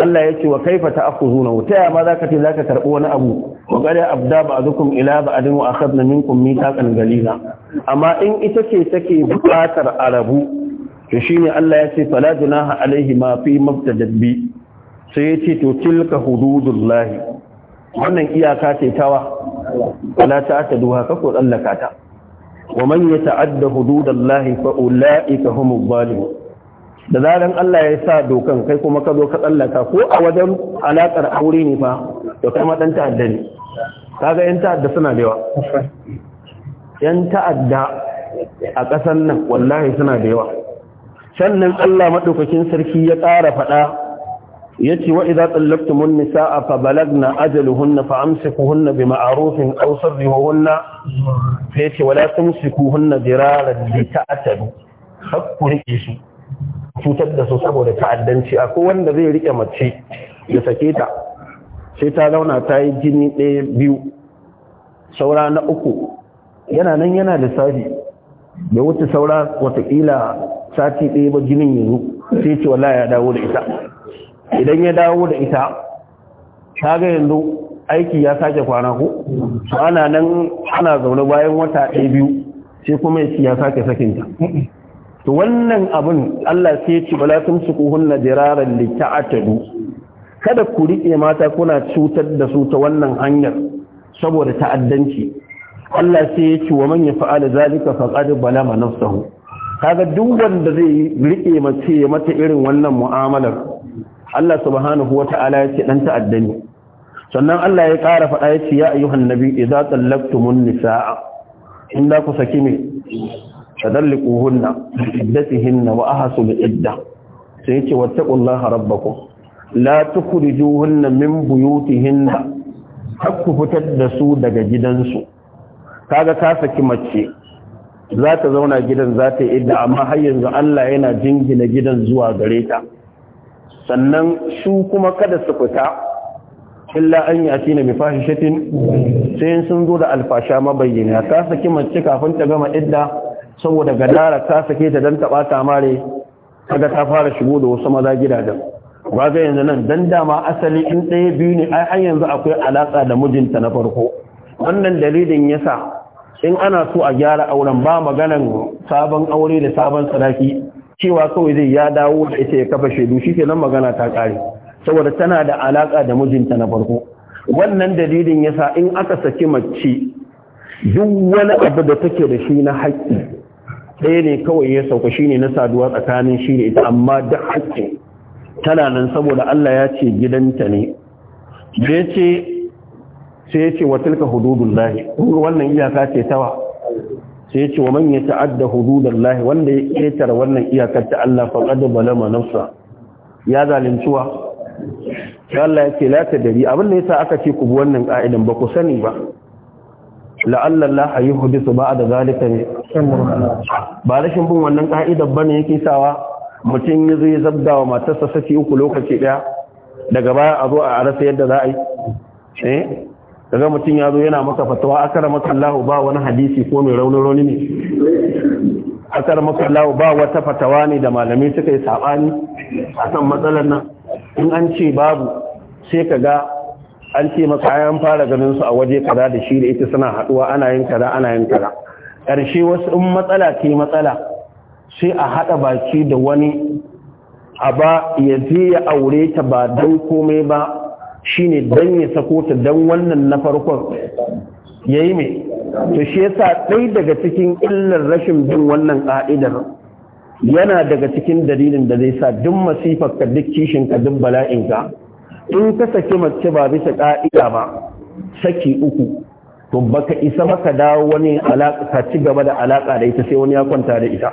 Allah ya ce wa kaifa ta'khuzuna ta ya ma zaka ce ka karbi wani abu wa qad abda ba'dukum ila ba'din wa akhadna minkum mithaqan galiza amma in ita ce take buƙatar rabu. to ne Allah ya ce fala junaha alaihi ma fi mabtadab dabbi. sai ya ce to tilka hududullahi wannan iyaka ce tawa wala ta ka ko tsallaka ta wa man yata'adda hududallahi fa ulaika humuz zalimun da zaran Allah ya sa dokan kai kuma ka zo ka tsallaka ko a wajen alakar aure ne fa to kai ma dan ta'adda ne ga yan ta'adda suna da yawa yan ta'adda a ƙasar nan wallahi suna da yawa sannan Allah madaukakin sarki ya ƙara faɗa yace wa idza tallaqtumun nisaa fa balagna ajaluhunna fa amsikuhunna bi ma'rufin aw sarrihuhunna fa yace wala tumsikuhunna diraran bi ta'tadu hakku rike su cutar da su saboda ta'addanci a wanda zai rike mace da sake ta sai ta launa ta yi jini ɗaya biyu saura na uku yana nan yana lissafi da wuce saura watakila sati ɗaya ba jinin ya zo sai ce wala ya dawo da ita idan ya dawo da ita ta ga yanzu aiki ya sake kwana ko ana nan ana zaune bayan wata ɗaya biyu sai kuma ya sake sakinta to wannan abin Allah sai ya ce bala tumsukuhunna diraran atadu. kada ku riƙe mata kuna cutar da su ta wannan hanyar saboda ta'addanci Allah sai ya ci wa man yaf'ala zalika faqad balama nafsahu kaga duk wanda zai riƙe mace ya mata irin wannan mu'amalar Allah subhanahu wata'ala ya ce dan ta'addani sannan Allah ya ƙara faɗa ya ce ya ayyuhan nabi idza tallaqtumun nisaa in da ku saki me فذلقوهن عدتهن وأحسوا العدة سيتي واتقوا الله ربكم لا تخرجوهن من بيوتهن da su daga gidansu kaga ka saki mace za ta zauna gidan za ta idda amma har yanzu Allah yana jingina gidan zuwa gare ta sannan su kuma kada su fita illa an yi ati na mifahishatin sai sun zo da alfasha mabayyana ka saki mace kafin ta gama idda saboda gadara ta sake ta dan taba ta mare kaga ta fara shigo da wasu maza gidajen ba ga yanzu nan dan dama asali in ɗaya biyu ne ai har yanzu akwai alaka da mijinta na farko wannan dalilin yasa in ana so a gyara auren ba maganan sabon aure da sabon sadaki cewa kawai zai ya dawo da ita ya kafa shaidu shi nan magana ta kare saboda tana da alaka da mijinta na farko wannan dalilin yasa in aka saki mace duk wani abu da take da shi na haƙƙi ɗaya ne kawai ya sauka shi ne na saduwa tsakanin shi da ita amma duk haƙƙin tana nan saboda Allah ya ce gidanta ne da ya ce sai ya ce wa tilka hududun lahi wannan iyaka ce tawa sai ya ce wa man ya ta'adda hududun lahi wanda ya ƙetare wannan iyakar ta Allah faɗaɗa balama nafsa ya zaluncuwa Allah ya ce la ta dari abin da yasa aka ce ku bi wannan ka'idan ba ku sani ba la'alla Allah su ba'da zalika ne ba rashin bin wannan ka'idar bane yake sawa mutum ya zai zabda wa matarsa saki uku lokaci daya daga baya a zo a rasa yadda za a yi eh daga mutum ya zo yana maka fatawa kara maka Allah ba wani hadisi ko mai raunin rauni ne kara maka Allah ba wata fatawa ne da malamai suka yi sabani a kan matsalar nan in an ce babu sai ka ga an ce masa an fara ganin su a waje kaza da shi da ita suna haduwa ana yin kaza ana yin kaza ƙarshe wasu in matsala ce matsala sai a haɗa baki da wani a ba ya je ya aure ta ba don komai ba shine don ya sako ta don wannan na farkon ya yi mai to shi yasa ɗai daga cikin illar rashin bin wannan ƙa'idar yana daga cikin dalilin da zai sa duk masifar ka duk kishin ka duk bala'inka in ka saki mace ba bisa ka'ida ba saki uku to baka isa baka dawo wani alaka ka ci gaba da alaka da ita sai wani ya kwanta da ita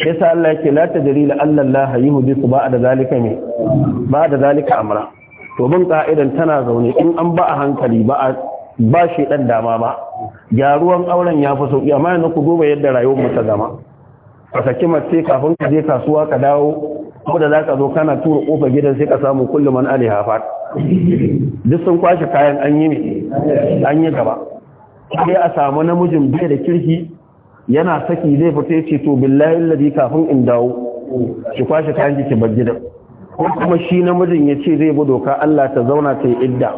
sai sa Allah yake la tadri la anna Allah yuhdithu ba'da zalika me ba'da zalika amra to bin ka'idan tana zaune in an ba a hankali ba a ba shi dan dama ba gyaruwan auren ya fi sauki amma yanzu ku duba yadda rayuwar mu ta zama ka saki mace kafin ka je kasuwa ka dawo ko za ka zo kana tura kofa gidan sai ka samu kullum an alaiha fat duk sun kwashe kayan an yi an yi gaba sai a samu namijin bai da kirki yana saki zai fita ya ce to billahi alladhi kafin in dawo ki kwashe kayan ki bar gidan ko kuma shi namijin ya ce zai bi doka Allah ta zauna ta yi idda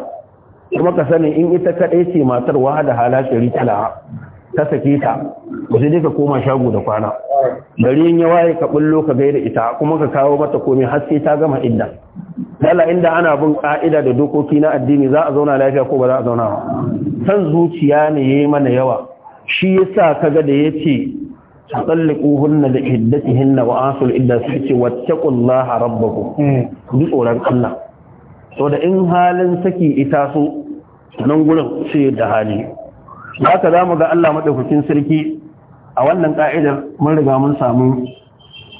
kuma ka sani in ita kadai ce matar wahada hala shari talaha ta sake ta ba sai dai ka koma shago da kwana gari ya waye ka bullo ka gaida ita kuma ka kawo mata komai har sai ta gama idda dala inda ana bin ka'ida da dokoki na addini za a zauna lafiya ko ba za a zauna ba san zuciya ne yayi mana yawa shi yasa kaga da yace tsalliquhunna da iddatihinna wa asul idda su ce wattaqullaha rabbakum bi tsoron Allah saboda in halin saki ita su nan gurin sai da hali haka za mu ga Allah maɗaukakin sarki a wannan ƙa'idar mun riga mun samu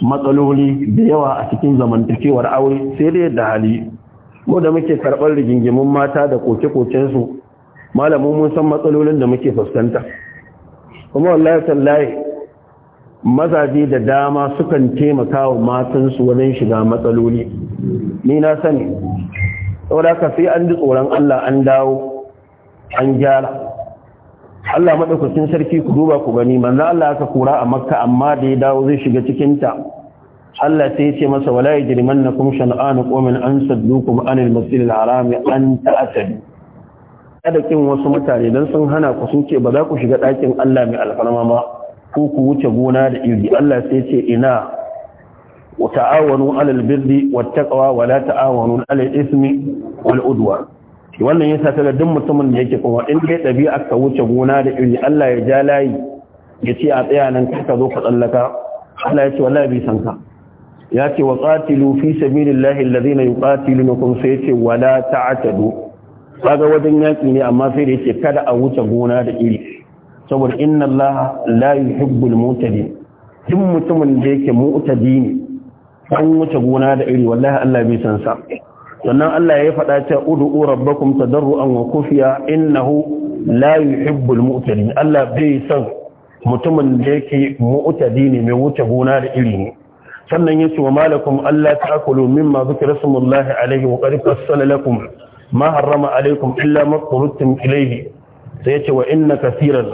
matsaloli da yawa a cikin zamantakewar aure sai da yadda hali mu da muke karɓar rigingimin mata da koke-kokensu malamu mun san matsalolin da muke fuskanta kuma wallahi tallahi mazaje da dama sukan taimaka wa matansu wajen shiga matsaloli ni na sani saboda ka sai an ji tsoron Allah an dawo an gyara Allah madaukakin sarki ku duba ku gani manzo Allah aka kura a Makka amma da ya dawo zai shiga cikin ta Allah sai ya ce masa wala yajrimannakum na qawmin an saddukum anil masjidil haram an ta'tadu kada kin wasu mutane dan sun hana ku sun ce ba za ku shiga ɗakin Allah mai alfarma ba ko ku wuce gona da iri Allah sai ce ina wa ta'awanu alal birri wattaqwa wa la ta'awanu alal ismi wal udwan wannan yasa ta duk mutumin da yake kuma in dai ɗabi'a ka wuce gona da iri Allah ya ja layi ya ce a tsaya nan ka zo ka tsallaka Allah ya ce wallahi bai san ka ya ce wa qatilu fi sabilillahi alladhina yuqatilunakum sai ce wala ta'tadu kaga wajen yaki ne amma sai da yake kada a wuce gona da iri saboda inna Allah la yuhibbul mutadin duk mutumin da yake mu'tadi ne an wuce gona da iri wallahi Allah bai san sa sannan Allah ya faɗa ta ud'u rabbakum tadarruan wa wakufiya innahu layu, ibbul, mu'tadin Allah bai san mutumin da yake mu'tadi ne mai wuce gona da iri ne sannan yace wa malakum alla ta'kulu ma zikra smullahi alaihi wa qad salalakum. ma harrama alaykum illa ma ilaihi ilayhi sai yace wa inna kaseeran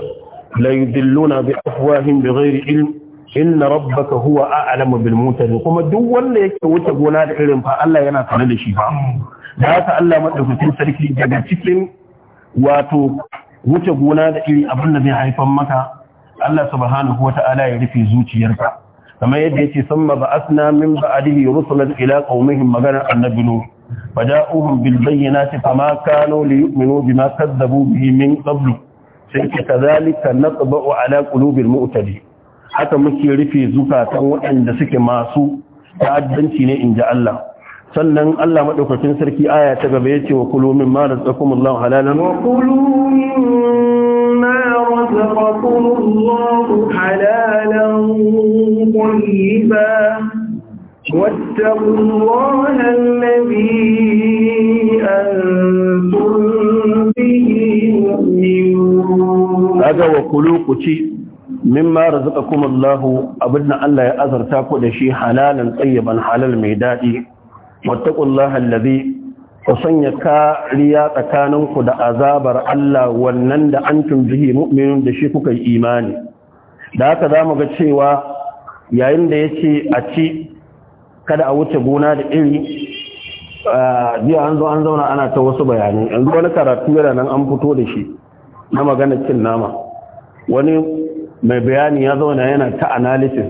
la yudilluna bi afwahihim bighayri ilm inna rabbaka huwa a'lamu bil mutaqin kuma duk wanda yake wuce gona da irin fa Allah yana tare da shi fa da haka Allah madaukakin sarki daga cikin wato wuce gona da iri abin da zai haifar maka Allah subhanahu wata'ala ya rufe zuciyarka kamar yadda yake samma ba'athna min ba'dihi rusulan ila qaumihim magana annabi nu faja'uhum bil bayyinati fama kanu liyu'minu bima kadzabu bihi min qablu sai kadhalika natba'u ala qulubil mu'tadin haka muke rufe zukatan waɗanda suke masu ta'addanci ne in ji Allah sannan Allah madaukakin sarki aya ta gaba yace wa kulu mimma razaqakumullahu halalan wa kulu mimma razaqakumullahu halalan tayyiba واتقوا الله الذي أنتم به مؤمنون هذا وكلوا قتي mimma razaqakum Allah abinda Allah ya azarta ku da shi halalan tsayyaban halal mai dadi wattaqullaha allazi ku sanya kariya tsakaninku da azabar Allah wannan da antum bihi mu'minun da shi kuka yi imani da haka zamu ga cewa yayin da yace a ci kada a wuce gona da iri jiya an zo an zauna ana ta wasu bayanai yanzu wani karatu yana nan an fito da shi na maganar cin nama wani mai bayani ya zauna yana ta analysis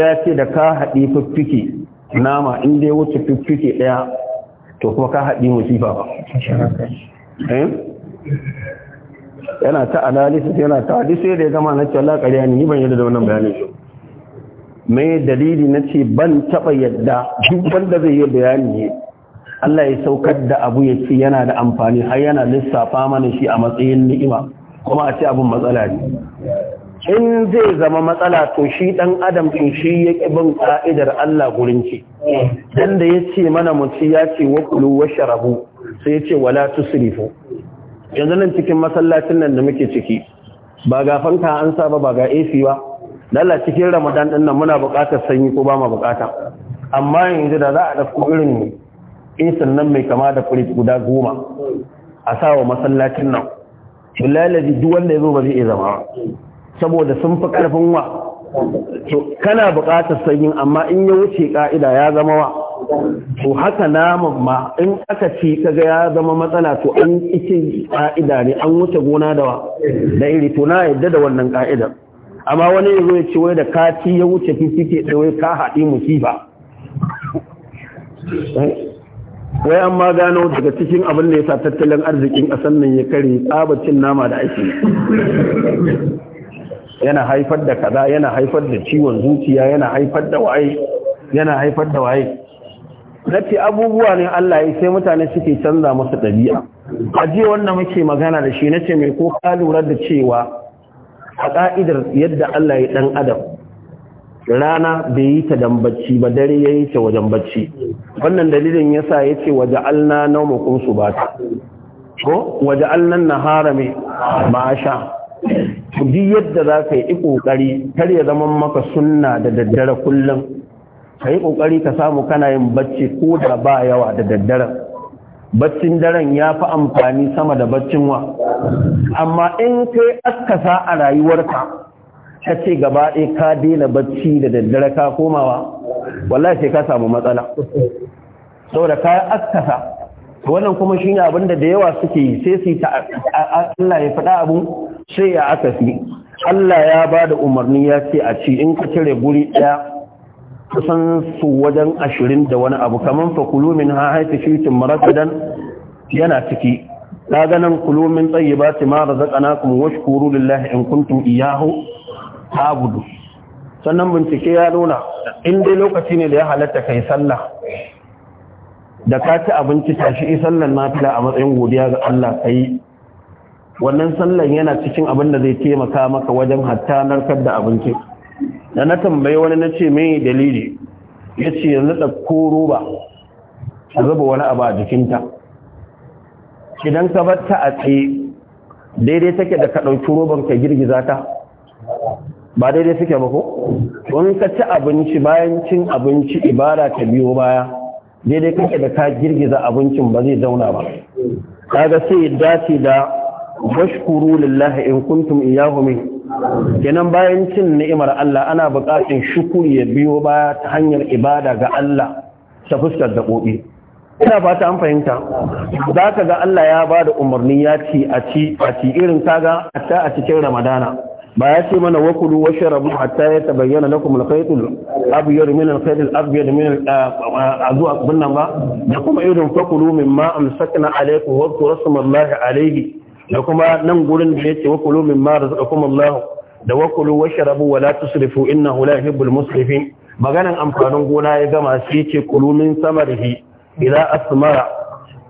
ya ce da ka haɗi fiffike nama inda ya wuce fiffike ɗaya to kuma ka haɗi musifa ba eh? yana ta analysis yana ta haɗi sai da ya gama na cewa laƙariya ni ban yadda da wannan bayanin shi mai dalili na ce ban taɓa yadda duk wanda zai yi bayani ne Allah ya saukar da abu ya ce yana da amfani har yana lissafa mana shi a matsayin ni'ima kuma a ce abin matsala ne in zai zama matsala to shi dan adam din shi ya bin ka'idar Allah gurin ci dan da yace mana mutum ya ce wa kulu sharabu sai yace wala tusrifu yanzu nan cikin masallacin nan da muke ciki ba ga fanka an saba ba ga AC ba lalla cikin Ramadan din nan muna buƙatar sanyi ko ba mu buƙata amma yanzu da za a dauko irin insan nan mai kama da fridge guda goma a wa masallacin nan billahi duk wanda yazo ba zai iya zama saboda sun fi ƙarfin wa kana buƙatar sanyin amma in ya wuce ƙa'ida ya zama wa to haka naman ma in aka ce kaga ya zama matsala to an ice ƙa'ida ne an wuce gona da wa da iri to na yadda da wannan kaida amma wani ya ya ce da kaci ya wuce fifike da wai ka haɗi musifa wai an ma gano daga cikin abin da ya sa tattalin arzikin ƙasar nan ya kare tsabacin nama da ake yana haifar da kaza yana haifar da ciwon zuciya yana haifar da waye yana haifar da waye abubuwa ne Allah ya sai mutane suke canza musu ɗabi'a a jiya wannan muke magana da shi nace mai ko ka lura da cewa a ka'idar yadda Allah ya dan adam rana bai yi ta dan bacci ba dare ya yi ta wajen bacci wannan dalilin yasa yace waja'alna ba subata ko waja'alna nahara mai ma'asha duk yadda za ka yi ƙoƙari kar ya zama maka sunna da daddare kullum ka yi ƙoƙari ka samu kana yin bacci ko da ba yawa da daddare baccin daren ya fi amfani sama da baccin wa amma in kai askasa a rayuwarka ka ce gaba ɗaya ka daina bacci da daddare ka komawa wallahi sai ka samu matsala saboda ka askasa wannan kuma shine abin da da yawa suke yi sai su Allah ya faɗa abu sai ya aka fi Allah ya ba da umarni ya ce a ci in ka cire guri ɗaya kusan su wajen ashirin da wani abu kamar fa kulumin ha haifi maradadan yana ciki ta ganin kulumin tsaye ba ta mara na kuma wasu kuru lillahi in kuntum iyahu ta gudu sannan bincike ya nuna in dai lokaci ne da ya halatta kai sallah da ka ci abinci tashi yi sallan nafila a matsayin godiya ga Allah kai wannan sallan yana cikin abin da zai taimaka maka wajen hatta narkar da abinci da na tambayi wani na ce mai dalili ya ce yanzu koro roba a zuba wani abu a jikinta idan ka bar ta a tsaye daidai take da ka ɗauki roban ka girgiza ta ba daidai suke ba ko Wani ka ci abinci bayan cin abinci ibara ta biyo baya daidai kake da ka girgiza abincin ba zai zauna ba kaga sai dace da bashkuru lillahi in kuntum iyahu min kenan bayan cin ni'imar Allah ana buƙatar shukuri ya biyo baya ta hanyar ibada ga Allah ta fuskar daƙoƙi ina fata an fahimta za ka ga Allah ya ba da umarni ya ci a ci irin kaga a a cikin ramadana ba ya ce mana wa kudu wa sharabu hatta ya tabayyana lakum al-khayt al-abyad min al-khayt al-abyad min azu nan ba da kuma irin fakulu mimma amsakna alaykum wa rasulullahi alayhi da kuma nan gurin da yake wa kulu mimma razaqakum Allah da wa kudu wa sharabu wa la tusrifu innahu la yuhibbul musrifin maganan amfanin gona ya gama shi ce kulu min samarihi ila asmara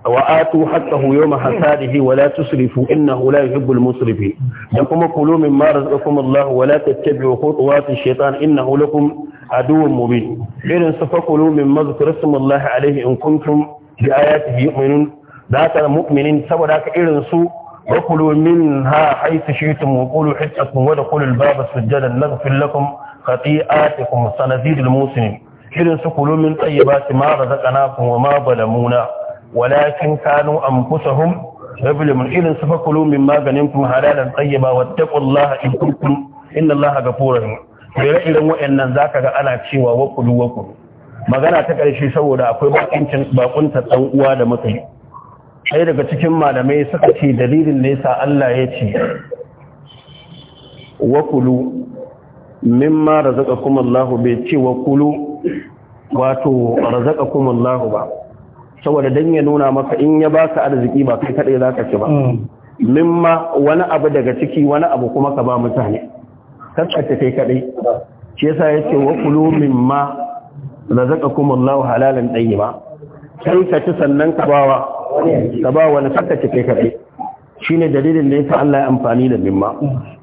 wa atu haqqahu yawma hasadihi wa la tusrifu innahu la yuhibbu al-musrifin dan kuma kulu mimma razaqakum Allah wa la tattabi'u khutuwati ash-shaytan innahu lakum aduwwun mubin irin sa fakulu mimma zikrasum Allah alayhi in kuntum bi ayatihi yu'minun da ta mu'minin saboda ka irin su fakulumin ha minha haythu shi'tum wa qulu hittakum wa dakhulu al-baba sajadan naghfir lakum khati'atikum sanazidul musrifin irin sa kulu min tayyibati ma razaqnakum wa ma zalamuna walakin kanu anfusahum yablimun irin su fakulu min maganin kuma halalan tsayyaba wattaqullaha in kuntum inna allaha ghafurur rahim ire irin wayannan zaka ga ana cewa wakulu wakulu magana ta ƙarshe saboda akwai bakuncin bakunta dan uwa da muka yi daga cikin malamai suka ce dalilin nesa Allah ya ce wakulu mimma razaqakum Allahu bai ce wakulu wato razaqakum Allahu ba saboda dan ya nuna maka in ya baka arziki ba kai kadai zaka ci ba mm. mimma wani abu daga ciki wani abu kuma ka ba mutane kaskace kai kadai shi yasa yace wa kulu mimma razaqakumullahu halalan tayyiba kai ka ci sannan ka bawa ka ba wani kaskace kai kadai shine dalilin da yasa Allah ya amfani da mimma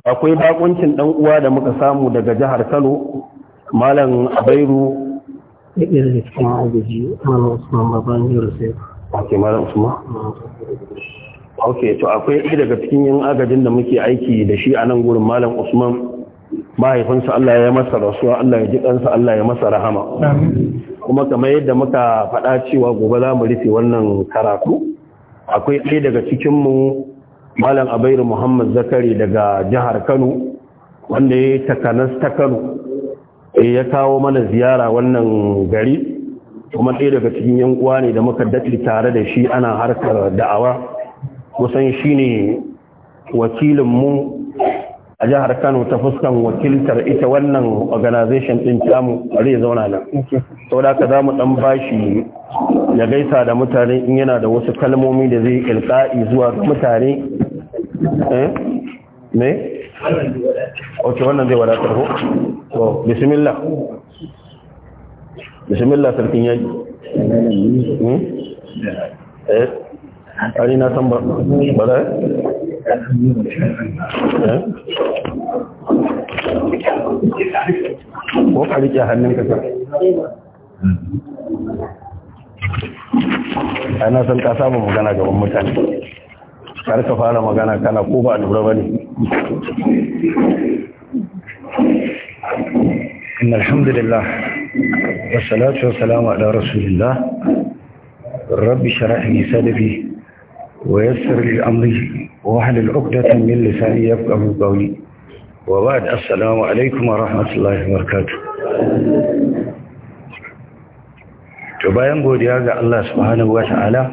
akwai bakuncin dan uwa da muka samu daga jihar Kano malam Abairu ɗaya da cikin agaji malam usman sai ok malam usman ok to akwai ɗaya daga cikin yin agajin da muke aiki da shi a nan gurin malam usman mahaifinsa Allah ya masa rasuwa Allah ya ji ɗansa Allah ya masa rahama kuma kamar yadda muka faɗa cewa gobe za mu rufe wannan karatu akwai ɗaya daga cikinmu malam abairu muhammad zakari daga jihar kano wanda ya takanas ta kano eh ya kawo mana ziyara wannan gari kuma ɗaya daga cikin yan uwa ne da muka daɗe tare da shi ana harkar da'awa kusan shine ne wakilinmu a jihar kano ta fuskan wakiltar ita wannan organization ɗin tamu a zai zauna nan sau da aka za mu ɗan bashi ya gaisa da mutane in yana da wasu kalmomi da zai ilka'i zuwa mutane ne eh? ok wannan zai wadatar ko to bismillah bismillah sarkin yaji hmm? eh ari na tambar ba ba eh ko ka rike hannun ka ana san ka samu magana gaban mutane ka fara magana kana ko ba lura ba ne inna alhamdulillah wa salatu wa salamu ala rasulillah rabbi shara'i li sadri wa yassir li amri wa hlul 'uqdatan min lisani yafqahu qawli wa ba'd assalamu alaykum wa rahmatullahi wa barakatuh to bayan godiya ga Allah subhanahu wa ta'ala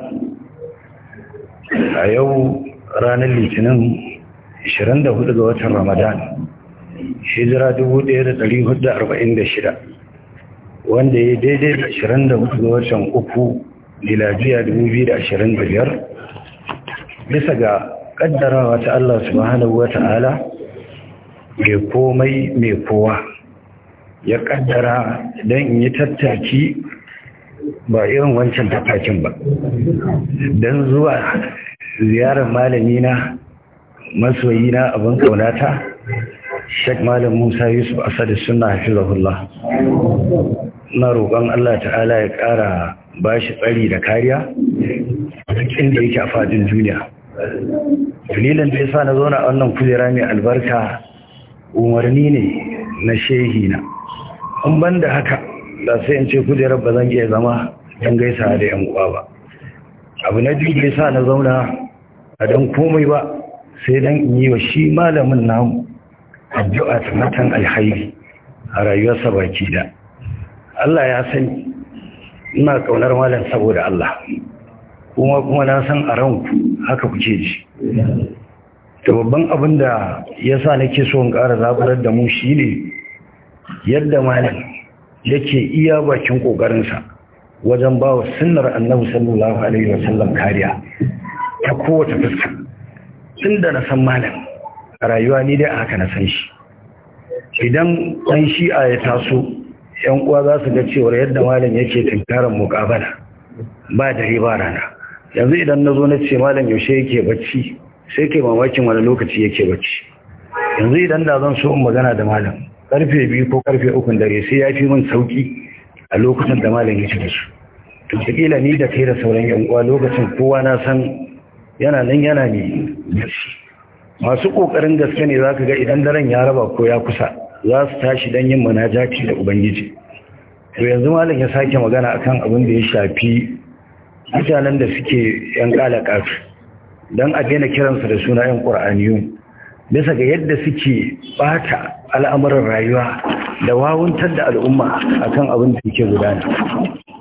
a yau ranar litinin 24 ga watan ramadan hijira 1446 wanda ya daidai da 24 ga watan uku lilajiya 2025 bisa ga kaddarawa ta Allah subhanahu wa ta'ala mai komai mai kowa ya kaddara don in yi tattaki ba irin wancan tattakin ba don zuwa ziyarar malami na masoyi na abin kaunata shek Malam Musa Yusuf Asadu Sunna Hafizahullah na roƙon Allah ta'ala ya ƙara bashi tsari da kariya Inda yake a fadin duniya dalilin da sa na zauna a wannan kujera mai albarka umarni ne na shehi na an ban da haka da sai in ce kujerar ba zan iya zama don gaisa da yan uwa ba abu na biyu da sa na zauna A don komai ba sai don in yi wa shi malamin namu addu'a matan alhairi a rayuwarsa baki da Allah ya sani ina kaunar malam saboda Allah kuma kuma na san a ranku haka kuke ji da babban abin da ya sa nake so in ƙara zaburar da mu shi ne yadda malam yake iya bakin ƙoƙarinsa wajen ba wa sunnar annabi sallallahu alaihi wasallam kariya ta kowace fuska tun da na san malam a rayuwa ni dai a haka na san shi idan ɗan shi'a ya taso yan uwa za su ga cewar yadda malam yake tunkarar muƙabala ba dare ba rana yanzu idan na zo na ce malam yaushe yake bacci sai ke mamakin wani lokaci yake bacci yanzu idan da zan so in magana da malam karfe biyu ko karfe ukun dare sai ya fi min sauki a lokacin da malam ya ci da su to ni da kai da sauran yan uwa lokacin kowa na san yana nan yana ne masu ƙoƙarin gaske ne za ka ga idan daren ya raba ko ya kusa za su tashi don yin jaki da ubangiji to yanzu malam ya sake magana akan abin da ya shafi mutanen da suke yan kafi don a daina kiransu da suna yan ƙura'aniyu bisa ga yadda suke bata al'amuran rayuwa da wawuntar da al'umma akan abin da suke gudana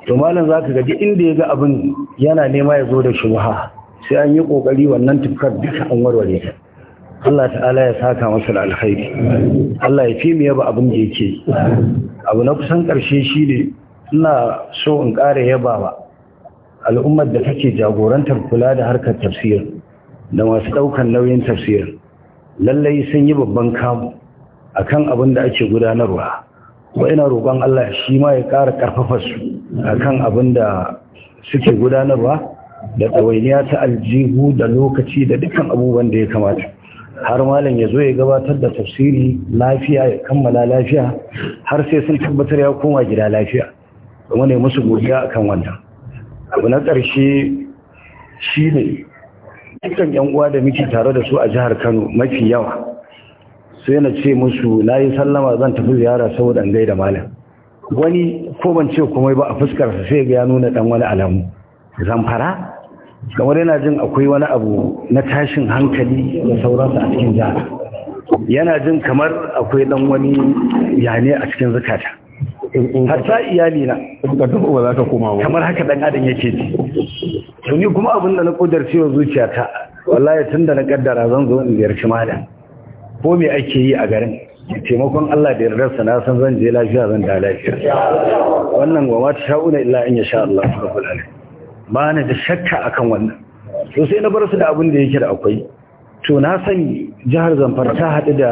to malam za ka gaji inda ya ga abin yana nema ya zo da shubha sai an yi ƙoƙari wannan tufkar duka an warware ta Allah ta'ala ya saka masa da alkhairi Allah ya fi mu yaba abin da yake abu na kusan ƙarshe shi ne ina so in ƙara yabawa al'ummar da take jagorantar kula da harkar tafsir da masu ɗaukar nauyin tafsir lallai sun yi babban kamu akan abin da ake gudanarwa Wa ina roƙon Allah shi ma ya ƙara ƙarfafa su akan abin da suke gudanarwa da ɗawainiya ta aljihu da lokaci da dukkan abubuwan da ya kamata har malam ya zo ya gabatar da tafsiri lafiya ya kammala lafiya har sai sun tabbatar ya koma gida lafiya kuma ne musu godiya kan wannan abu na ƙarshe shi ne dukkan yan uwa da miki tare da su a jihar kano mafi yawa sai na ce musu na yi sallama zan tafi ziyara saboda an gaida malam wani ko ban ce kuma ba a fuskarsa sai ga ya nuna dan wani alamu zamfara kamar yana jin akwai wani abu na tashin hankali da sauransu a cikin jihar yana jin kamar akwai dan wani yane a cikin zukata ta iyali na kamar haka dan adam yake ji to ni kuma abin da na kudar wa zuciyata wallahi tun da na kaddara zan zo in ziyarci malam ko me ake yi a garin taimakon Allah da yardarsa na san zan je lafiya zan da lafiya wannan gwamnati ta sha'una illa in ya sha Allah wa ta'ala ba na da shakka akan wannan to sai na bar su da abin da yake da akwai to na san jihar zamfara ta haɗu da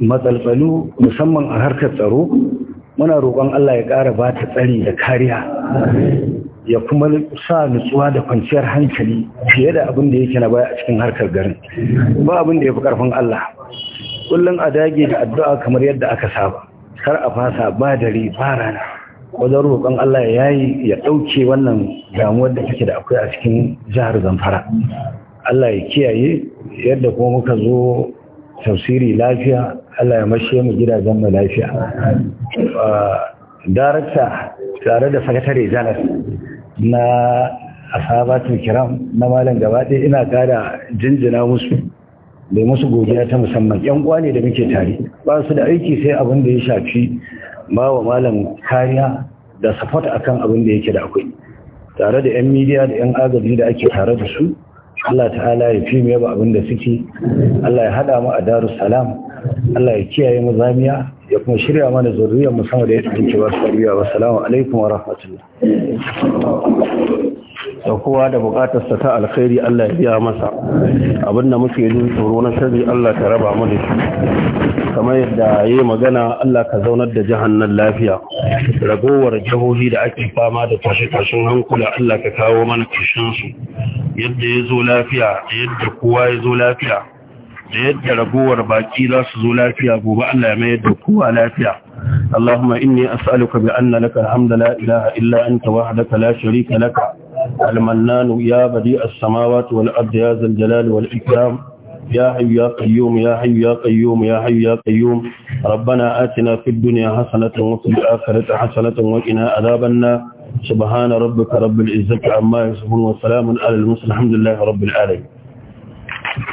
matsaltsalu musamman a harkar tsaro muna roƙon Allah ya ƙara ba ta tsari da kariya ya kuma sa nutsuwa da kwanciyar hankali fiye da abin da yake na baya a cikin harkar garin ba abin da ya fi ƙarfin Allah kullum a dage da addu'a kamar yadda aka saba kar a fasa ba dare ba rana wajen roƙon Allah ya yi ya ɗauke wannan damuwar da take da akwai a cikin jihar Zamfara. Allah ya kiyaye yadda kuma muka zo tafsiri lafiya Allah ya mashe mu gidajen mu lafiya. Darakta tare da sakatare janar na asabatul kiram na malam Gaba ɗaya ina ƙara jinjina musu da musu godiya ta musamman yan uwa ne da muke tare ba su da aiki sai abin da ya shafi ba wa malam kariya da support akan abin da yake da akwai tare da 'yan midiya da 'yan agaji da ake tare da su Allah ta'ala ya fi mu yaba abin da suke Allah ya hada mu a daru salam Allah ya kiyaye mu zamiya ya kuma shirya mana zuriyar mu da ya tafi ba su wa salamu alaikum wa rahmatullah da kowa da bukatarsa ta alkhairi Allah ya biya masa abinda muke yin tsoro na sharri Allah ta raba mu da shi kamar yadda yayi magana Allah ka zaunar da jahannan lafiya ragowar jihohi da ake fama da tashe-tashen hankula Allah ka kawo mana kishin yadda ya zo lafiya da yadda kowa ya zo lafiya da yadda ragowar baki za su zo lafiya gobe Allah ya mayar da kowa lafiya اللهم إني أسألك بأن لك الحمد لا إله إلا أنت وحدك لا شريك لك المنان يا بديع السماوات والأرض يا ذا الجلال والإكرام يا حي يا قيوم يا حي يا قيوم يا حي يا قيوم ربنا آتنا في الدنيا حسنة وفي الآخرة حسنة وقنا عذاب النار سبحان ربك رب العزة عما يصفون وسلام على المسلم الحمد لله رب العالمين